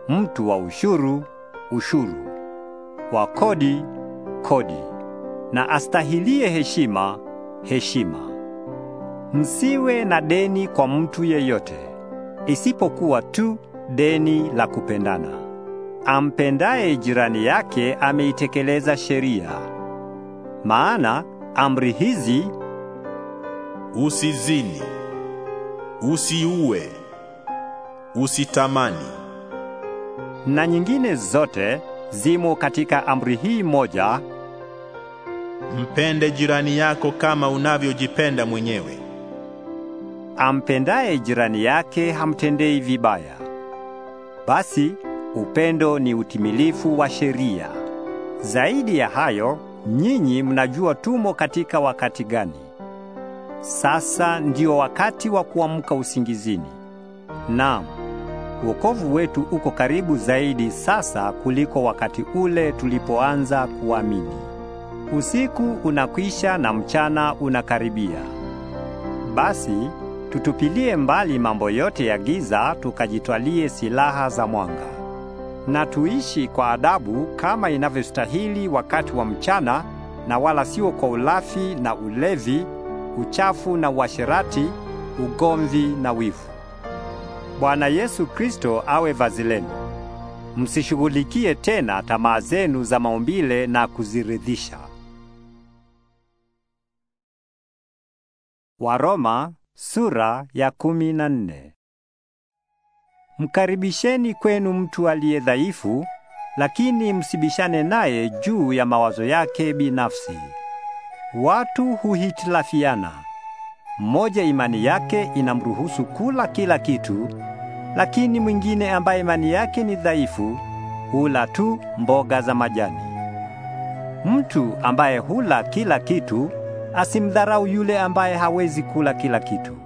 Mtu wa ushuru, ushuru. Wa kodi kodi na astahilie heshima heshima. Msiwe na deni kwa mtu yeyote isipokuwa tu deni la kupendana. Ampendaye jirani yake ameitekeleza sheria. Maana amri hizi: usizini, usiue, usitamani na nyingine zote zimo katika amri hii moja: mpende jirani yako kama unavyojipenda mwenyewe. Ampendaye jirani yake hamtendei vibaya. Basi upendo ni utimilifu wa sheria. Zaidi ya hayo, nyinyi mnajua tumo katika wakati gani. Sasa ndio wakati wa kuamka usingizini. Naam. Wokovu wetu uko karibu zaidi sasa kuliko wakati ule tulipoanza kuamini. Usiku unakwisha na mchana unakaribia. Basi tutupilie mbali mambo yote ya giza, tukajitwalie silaha za mwanga. Na tuishi kwa adabu kama inavyostahili wakati wa mchana, na wala sio kwa ulafi na ulevi, uchafu na uasherati, ugomvi na wivu. Bwana Yesu Kristo awe vazi lenu. Msishughulikie tena tamaa zenu za maumbile na kuziridhisha. Waroma sura ya kumi na nne. Mkaribisheni kwenu mtu aliye dhaifu, lakini msibishane naye juu ya mawazo yake binafsi. Watu huhitilafiana mmoja imani yake inamruhusu kula kila kitu, lakini mwingine ambaye imani yake ni dhaifu hula tu mboga za majani. Mtu ambaye hula kila kitu asimdharau yule ambaye hawezi kula kila kitu.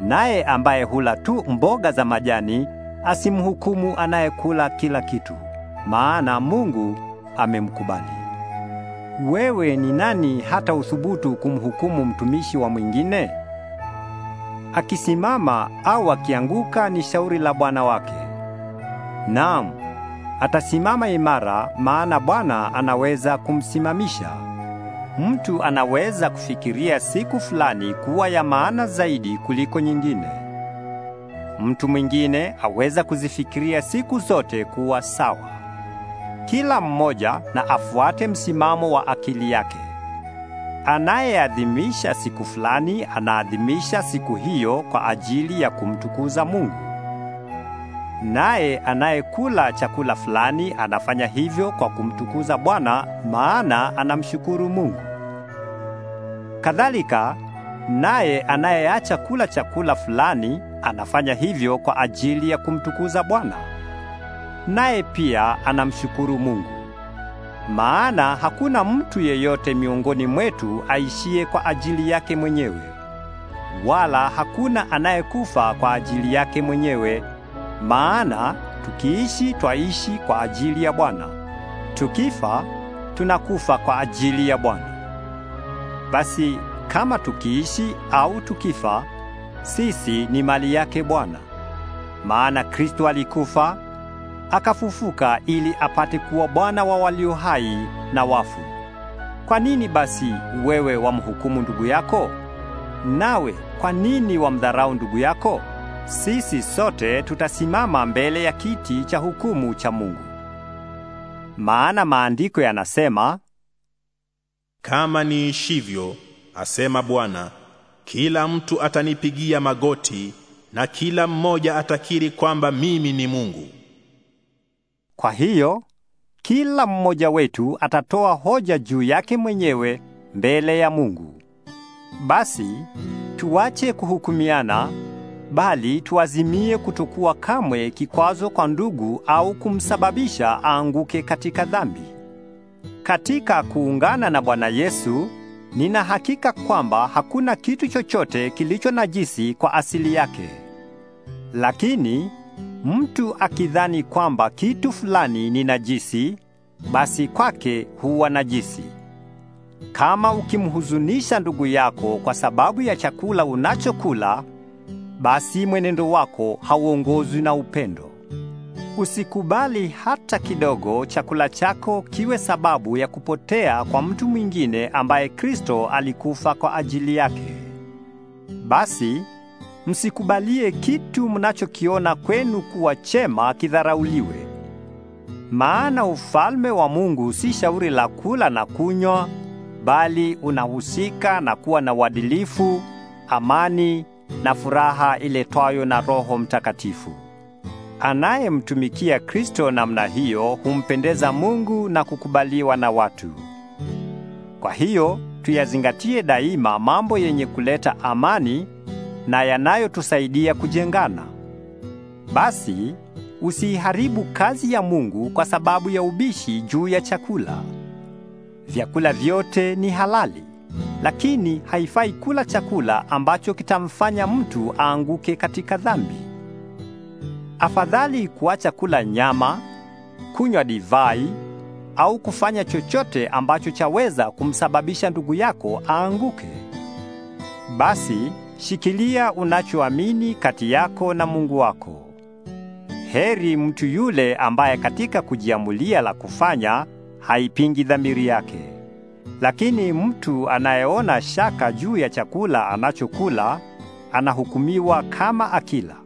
Naye ambaye hula tu mboga za majani asimhukumu anayekula kila kitu, maana Mungu amemkubali wewe ni nani hata uthubutu kumhukumu mtumishi wa mwingine? Akisimama au akianguka ni shauri la bwana wake. Naam, atasimama imara, maana Bwana anaweza kumsimamisha. Mtu anaweza kufikiria siku fulani kuwa ya maana zaidi kuliko nyingine. Mtu mwingine aweza kuzifikiria siku zote kuwa sawa. Kila mmoja na afuate msimamo wa akili yake. Anayeadhimisha siku fulani anaadhimisha siku hiyo kwa ajili ya kumtukuza Mungu. Naye anayekula chakula fulani anafanya hivyo kwa kumtukuza Bwana, maana anamshukuru Mungu. Kadhalika, naye anayeacha kula chakula fulani anafanya hivyo kwa ajili ya kumtukuza Bwana naye pia anamshukuru Mungu. Maana hakuna mtu yeyote miongoni mwetu aishie kwa ajili yake mwenyewe, wala hakuna anayekufa kwa ajili yake mwenyewe. Maana tukiishi twaishi kwa ajili ya Bwana, tukifa tunakufa kwa ajili ya Bwana. Basi kama tukiishi au tukifa, sisi ni mali yake Bwana. Maana Kristo alikufa akafufuka ili apate kuwa Bwana wa walio hai na wafu. Kwa nini basi wewe wamhukumu ndugu yako? Nawe kwa nini wamdharau ndugu yako? Sisi sote tutasimama mbele ya kiti cha hukumu cha Mungu. Maana maandiko yanasema, kama niishivyo, asema Bwana, kila mtu atanipigia magoti na kila mmoja atakiri kwamba mimi ni Mungu. Kwa hiyo kila mmoja wetu atatoa hoja juu yake mwenyewe mbele ya Mungu. Basi tuache kuhukumiana, bali tuazimie kutokuwa kamwe kikwazo kwa ndugu au kumsababisha aanguke katika dhambi. Katika kuungana na Bwana Yesu, nina hakika kwamba hakuna kitu chochote kilicho najisi kwa asili yake. Lakini Mtu akidhani kwamba kitu fulani ni najisi, basi kwake huwa najisi. Kama ukimhuzunisha ndugu yako kwa sababu ya chakula unachokula, basi mwenendo wako hauongozwi na upendo. Usikubali hata kidogo chakula chako kiwe sababu ya kupotea kwa mtu mwingine ambaye Kristo alikufa kwa ajili yake. Basi msikubalie kitu mnachokiona kwenu kuwa chema kidharauliwe. Maana ufalme wa Mungu si shauri la kula na kunywa, bali unahusika na kuwa na uadilifu, amani na furaha iletwayo na Roho Mtakatifu. Anayemtumikia Kristo namna hiyo humpendeza Mungu na kukubaliwa na watu. Kwa hiyo tuyazingatie daima mambo yenye kuleta amani na yanayotusaidia kujengana. Basi usiharibu kazi ya Mungu kwa sababu ya ubishi juu ya chakula. Vyakula vyote ni halali, lakini haifai kula chakula ambacho kitamfanya mtu aanguke katika dhambi. Afadhali kuacha kula nyama, kunywa divai au kufanya chochote ambacho chaweza kumsababisha ndugu yako aanguke. Basi Shikilia unachoamini kati yako na Mungu wako. Heri mtu yule ambaye katika kujiamulia la kufanya haipingi dhamiri yake. Lakini mtu anayeona shaka juu ya chakula anachokula anahukumiwa kama akila,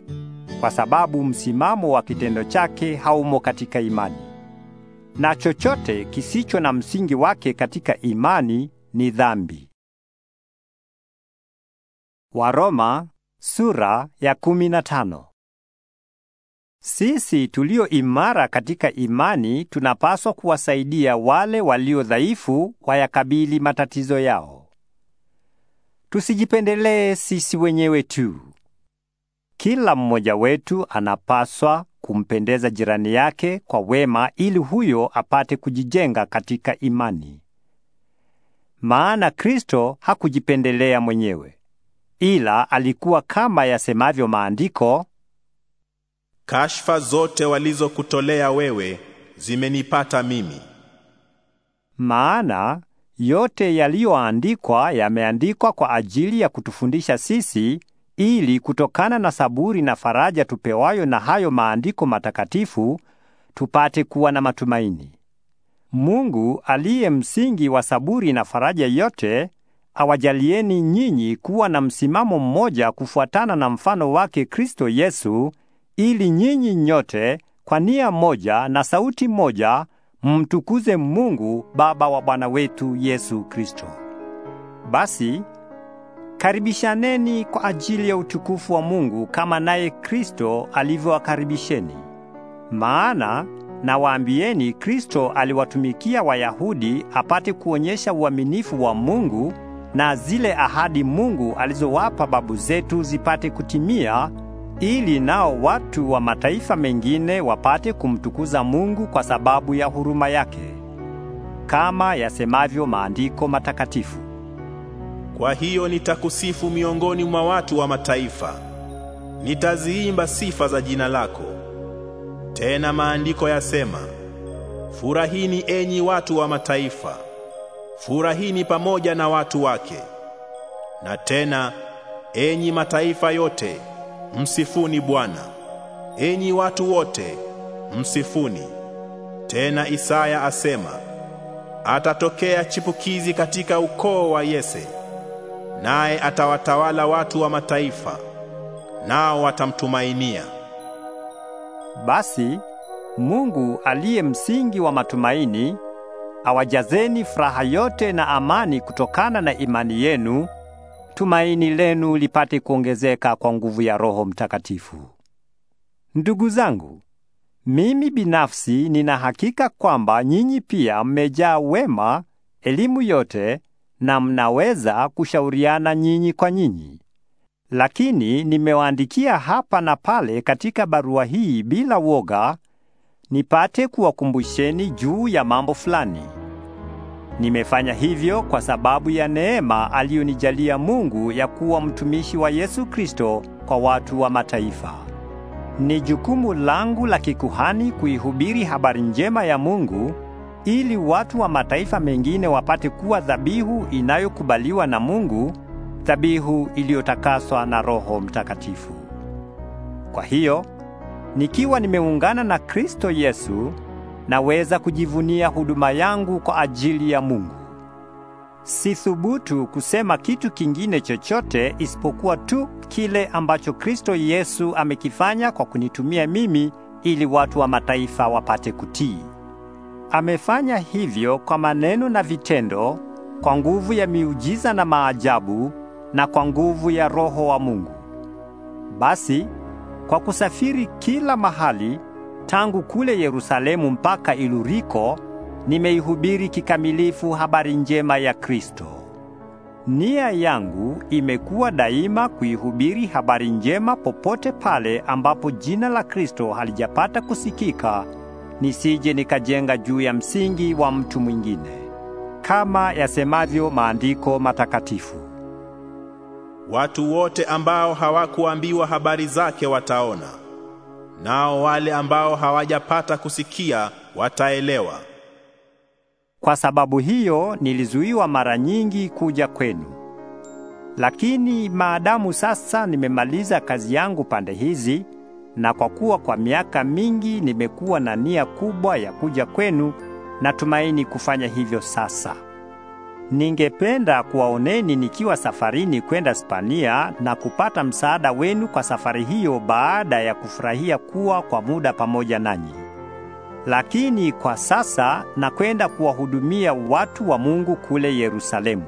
kwa sababu msimamo wa kitendo chake haumo katika imani. Na chochote kisicho na msingi wake katika imani ni dhambi. Waroma sura ya kumi na tano. Sisi tulio imara katika imani tunapaswa kuwasaidia wale walio dhaifu wayakabili matatizo yao. Tusijipendelee sisi wenyewe tu. Kila mmoja wetu anapaswa kumpendeza jirani yake kwa wema ili huyo apate kujijenga katika imani. Maana Kristo hakujipendelea mwenyewe ila alikuwa kama yasemavyo maandiko, kashfa zote walizokutolea wewe zimenipata mimi. Maana yote yaliyoandikwa yameandikwa kwa ajili ya kutufundisha sisi, ili kutokana na saburi na faraja tupewayo na hayo maandiko matakatifu tupate kuwa na matumaini. Mungu aliye msingi wa saburi na faraja yote hawajalieni nyinyi kuwa na msimamo mmoja kufuatana na mfano wake Kristo Yesu, ili nyinyi nyote kwa nia moja na sauti moja mtukuze Mungu Baba wa Bwana wetu Yesu Kristo. Basi karibishaneni kwa ajili ya utukufu wa Mungu kama naye Kristo alivyowakaribisheni. Maana nawaambieni Kristo aliwatumikia Wayahudi apate kuonyesha uaminifu wa Mungu na zile ahadi Mungu alizowapa babu zetu zipate kutimia, ili nao watu wa mataifa mengine wapate kumtukuza Mungu kwa sababu ya huruma yake, kama yasemavyo maandiko matakatifu: kwa hiyo nitakusifu miongoni mwa watu wa mataifa, nitaziimba sifa za jina lako. Tena maandiko yasema, furahini enyi watu wa mataifa furahini pamoja na watu wake. Na tena, enyi mataifa yote, msifuni Bwana. Enyi watu wote, msifuni. Tena Isaya asema, atatokea chipukizi katika ukoo wa Yese, naye atawatawala watu wa mataifa, nao watamtumainia. Basi Mungu aliye msingi wa matumaini awajazeni furaha yote na amani kutokana na imani yenu, tumaini lenu lipate kuongezeka kwa nguvu ya Roho Mtakatifu. Ndugu zangu, mimi binafsi nina hakika kwamba nyinyi pia mmejaa wema, elimu yote na mnaweza kushauriana nyinyi kwa nyinyi. Lakini nimewaandikia hapa na pale katika barua hii bila woga nipate kuwakumbusheni juu ya mambo fulani. Nimefanya hivyo kwa sababu ya neema aliyonijalia Mungu ya kuwa mtumishi wa Yesu Kristo kwa watu wa mataifa. Ni jukumu langu la kikuhani kuihubiri habari njema ya Mungu ili watu wa mataifa mengine wapate kuwa dhabihu inayokubaliwa na Mungu, dhabihu iliyotakaswa na Roho Mtakatifu. Kwa hiyo Nikiwa nimeungana na Kristo Yesu, naweza kujivunia huduma yangu kwa ajili ya Mungu. Sithubutu kusema kitu kingine chochote isipokuwa tu kile ambacho Kristo Yesu amekifanya kwa kunitumia mimi ili watu wa mataifa wapate kutii. Amefanya hivyo kwa maneno na vitendo, kwa nguvu ya miujiza na maajabu na kwa nguvu ya Roho wa Mungu. Basi kwa kusafiri kila mahali tangu kule Yerusalemu mpaka Iluriko, nimeihubiri kikamilifu habari njema ya Kristo. Nia yangu imekuwa daima kuihubiri habari njema popote pale ambapo jina la Kristo halijapata kusikika, nisije nikajenga juu ya msingi wa mtu mwingine, kama yasemavyo maandiko matakatifu watu wote ambao hawakuambiwa habari zake wataona, nao wale ambao hawajapata kusikia wataelewa. Kwa sababu hiyo nilizuiwa mara nyingi kuja kwenu. Lakini maadamu sasa nimemaliza kazi yangu pande hizi, na kwa kuwa kwa miaka mingi nimekuwa na nia kubwa ya kuja kwenu, natumaini kufanya hivyo sasa. Ningependa kuwaoneni nikiwa safarini kwenda Spania na kupata msaada wenu kwa safari hiyo baada ya kufurahia kuwa kwa muda pamoja nanyi. Lakini kwa sasa nakwenda kuwahudumia watu wa Mungu kule Yerusalemu.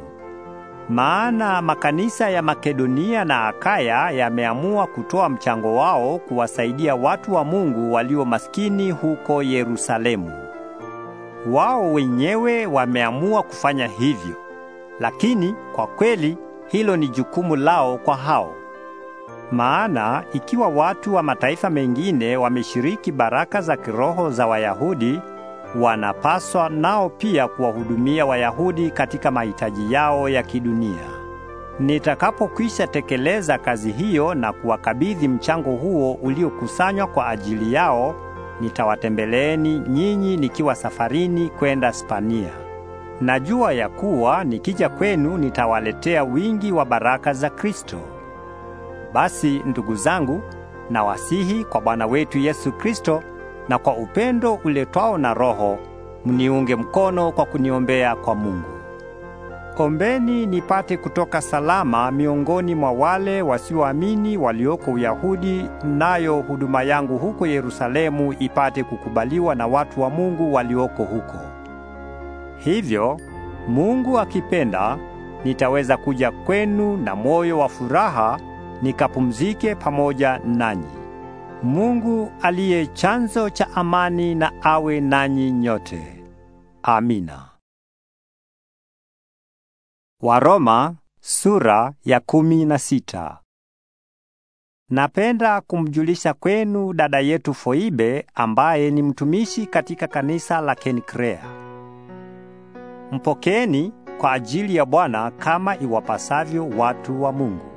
Maana makanisa ya Makedonia na Akaya yameamua kutoa mchango wao kuwasaidia watu wa Mungu walio maskini huko Yerusalemu. Wao wenyewe wameamua kufanya hivyo, lakini kwa kweli hilo ni jukumu lao kwa hao. Maana ikiwa watu wa mataifa mengine wameshiriki baraka za kiroho za Wayahudi, wanapaswa nao pia kuwahudumia Wayahudi katika mahitaji yao ya kidunia. Nitakapokwisha tekeleza kazi hiyo na kuwakabidhi mchango huo uliokusanywa kwa ajili yao nitawatembeleeni nyinyi nikiwa safarini kwenda Spania. Najua ya kuwa nikija kwenu nitawaletea wingi wa baraka za Kristo. Basi ndugu zangu, nawasihi kwa Bwana wetu Yesu Kristo na kwa upendo uletwao na Roho, mniunge mkono kwa kuniombea kwa Mungu. Ombeni nipate kutoka salama miongoni mwa wale wasioamini walioko Uyahudi, nayo huduma yangu huko Yerusalemu ipate kukubaliwa na watu wa Mungu walioko huko. Hivyo Mungu akipenda, nitaweza kuja kwenu na moyo wa furaha nikapumzike pamoja nanyi. Mungu aliye chanzo cha amani na awe nanyi nyote. Amina. Waroma sura ya kumi na sita. Napenda kumjulisha kwenu dada yetu Foibe ambaye ni mtumishi katika kanisa la Kenkrea. Mpokeni kwa ajili ya Bwana kama iwapasavyo watu wa Mungu.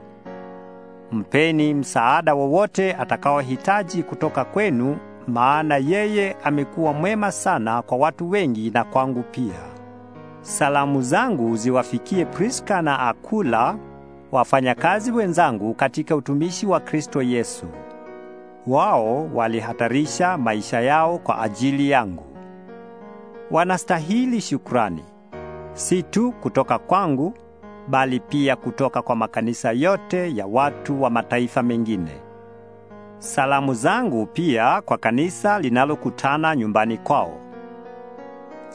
Mpeni msaada wowote atakaohitaji kutoka kwenu, maana yeye amekuwa mwema sana kwa watu wengi na kwangu pia. Salamu zangu ziwafikie Priska na Akula, wafanyakazi wenzangu katika utumishi wa Kristo Yesu. Wao walihatarisha maisha yao kwa ajili yangu. Wanastahili shukrani, si tu kutoka kwangu, bali pia kutoka kwa makanisa yote ya watu wa mataifa mengine. Salamu zangu pia kwa kanisa linalokutana nyumbani kwao.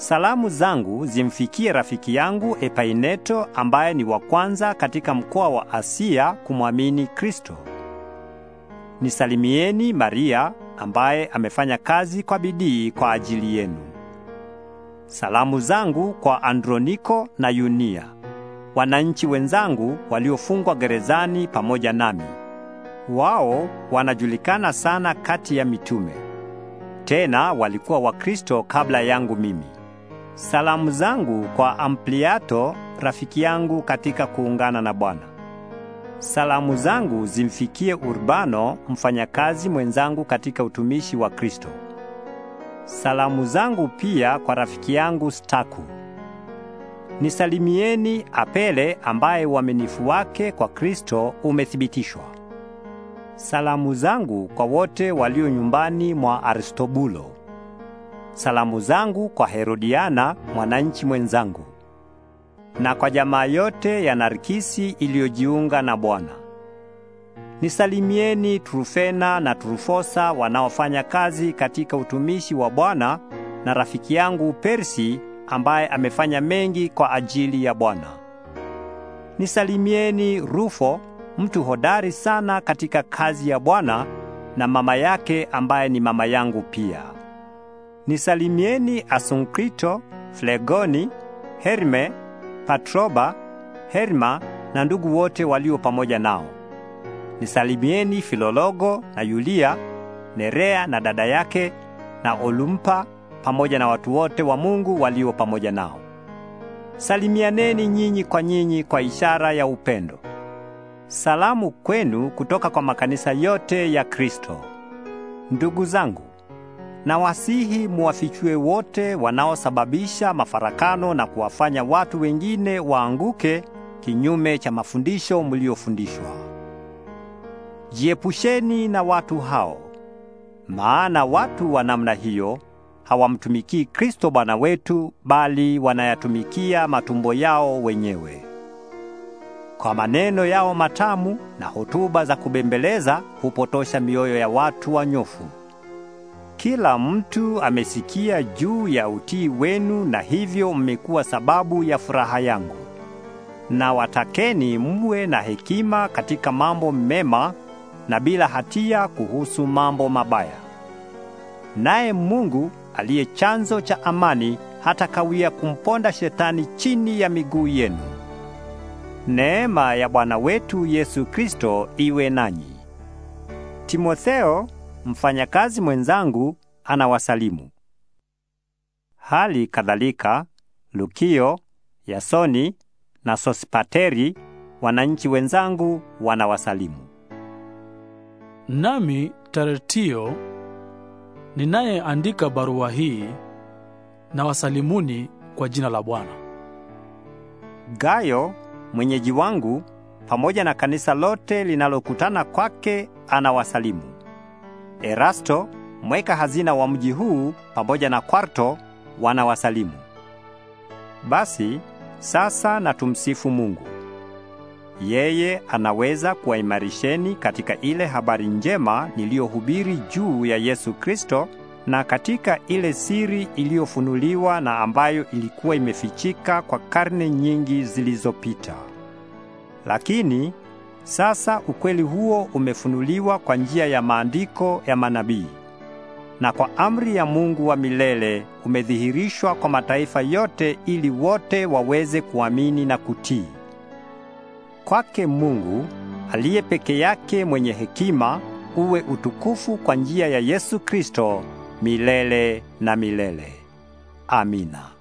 Salamu zangu zimfikie rafiki yangu Epaineto ambaye ni wa kwanza katika mkoa wa Asia kumwamini Kristo. Nisalimieni Maria ambaye amefanya kazi kwa bidii kwa ajili yenu. Salamu zangu kwa Androniko na Yunia, wananchi wenzangu waliofungwa gerezani pamoja nami. Wao wanajulikana sana kati ya mitume. Tena walikuwa Wakristo kabla yangu mimi. Salamu zangu kwa Ampliato rafiki yangu katika kuungana na Bwana. Salamu zangu zimfikie Urbano mfanyakazi mwenzangu katika utumishi wa Kristo. Salamu zangu pia kwa rafiki yangu Staku. Nisalimieni Apele ambaye uaminifu wake kwa Kristo umethibitishwa. Salamu zangu kwa wote walio nyumbani mwa Aristobulo. Salamu zangu kwa Herodiana mwananchi mwenzangu, na kwa jamaa yote ya Narkisi iliyojiunga na Bwana. Nisalimieni Trufena na Trufosa wanaofanya kazi katika utumishi wa Bwana na rafiki yangu Persi ambaye amefanya mengi kwa ajili ya Bwana. Nisalimieni Rufo, mtu hodari sana katika kazi ya Bwana na mama yake ambaye ni mama yangu pia. Nisalimieni Asunkrito, Flegoni, Herme, Patroba, Herma na ndugu wote walio pamoja nao. Nisalimieni Filologo na Yulia, Nerea na dada yake na Olumpa pamoja na watu wote wa Mungu walio pamoja nao. Salimianeni nyinyi kwa nyinyi kwa ishara ya upendo. Salamu kwenu kutoka kwa makanisa yote ya Kristo. Ndugu zangu, na wasihi muwafichue wote wanaosababisha mafarakano na kuwafanya watu wengine waanguke kinyume cha mafundisho mliofundishwa. Jiepusheni na watu hao, maana watu wa namna hiyo hawamtumikii Kristo Bwana wetu, bali wanayatumikia matumbo yao wenyewe. Kwa maneno yao matamu na hotuba za kubembeleza hupotosha mioyo ya watu wanyofu. Kila mtu amesikia juu ya utii wenu na hivyo mmekuwa sababu ya furaha yangu. Na watakeni mwe na hekima katika mambo mema na bila hatia kuhusu mambo mabaya. Naye Mungu aliye chanzo cha amani hata kawia kumponda shetani chini ya miguu yenu. Neema ya Bwana wetu Yesu Kristo iwe nanyi. Timotheo mfanyakazi mwenzangu anawasalimu. Hali kadhalika Lukio, Yasoni na Sosipateri, wananchi wenzangu wanawasalimu. Nami taretio ninayeandika barua hii na wasalimuni kwa jina la Bwana. Gayo mwenyeji wangu pamoja na kanisa lote linalokutana kwake anawasalimu. Erasto, mweka hazina wa mji huu, pamoja na Kwarto wanawasalimu. Basi sasa na tumsifu Mungu. Yeye anaweza kuwaimarisheni katika ile habari njema niliyohubiri juu ya Yesu Kristo na katika ile siri iliyofunuliwa na ambayo ilikuwa imefichika kwa karne nyingi zilizopita. Lakini sasa ukweli huo umefunuliwa kwa njia ya maandiko ya manabii na kwa amri ya Mungu wa milele umedhihirishwa kwa mataifa yote ili wote waweze kuamini na kutii. Kwake Mungu aliye peke yake mwenye hekima uwe utukufu kwa njia ya Yesu Kristo milele na milele. Amina.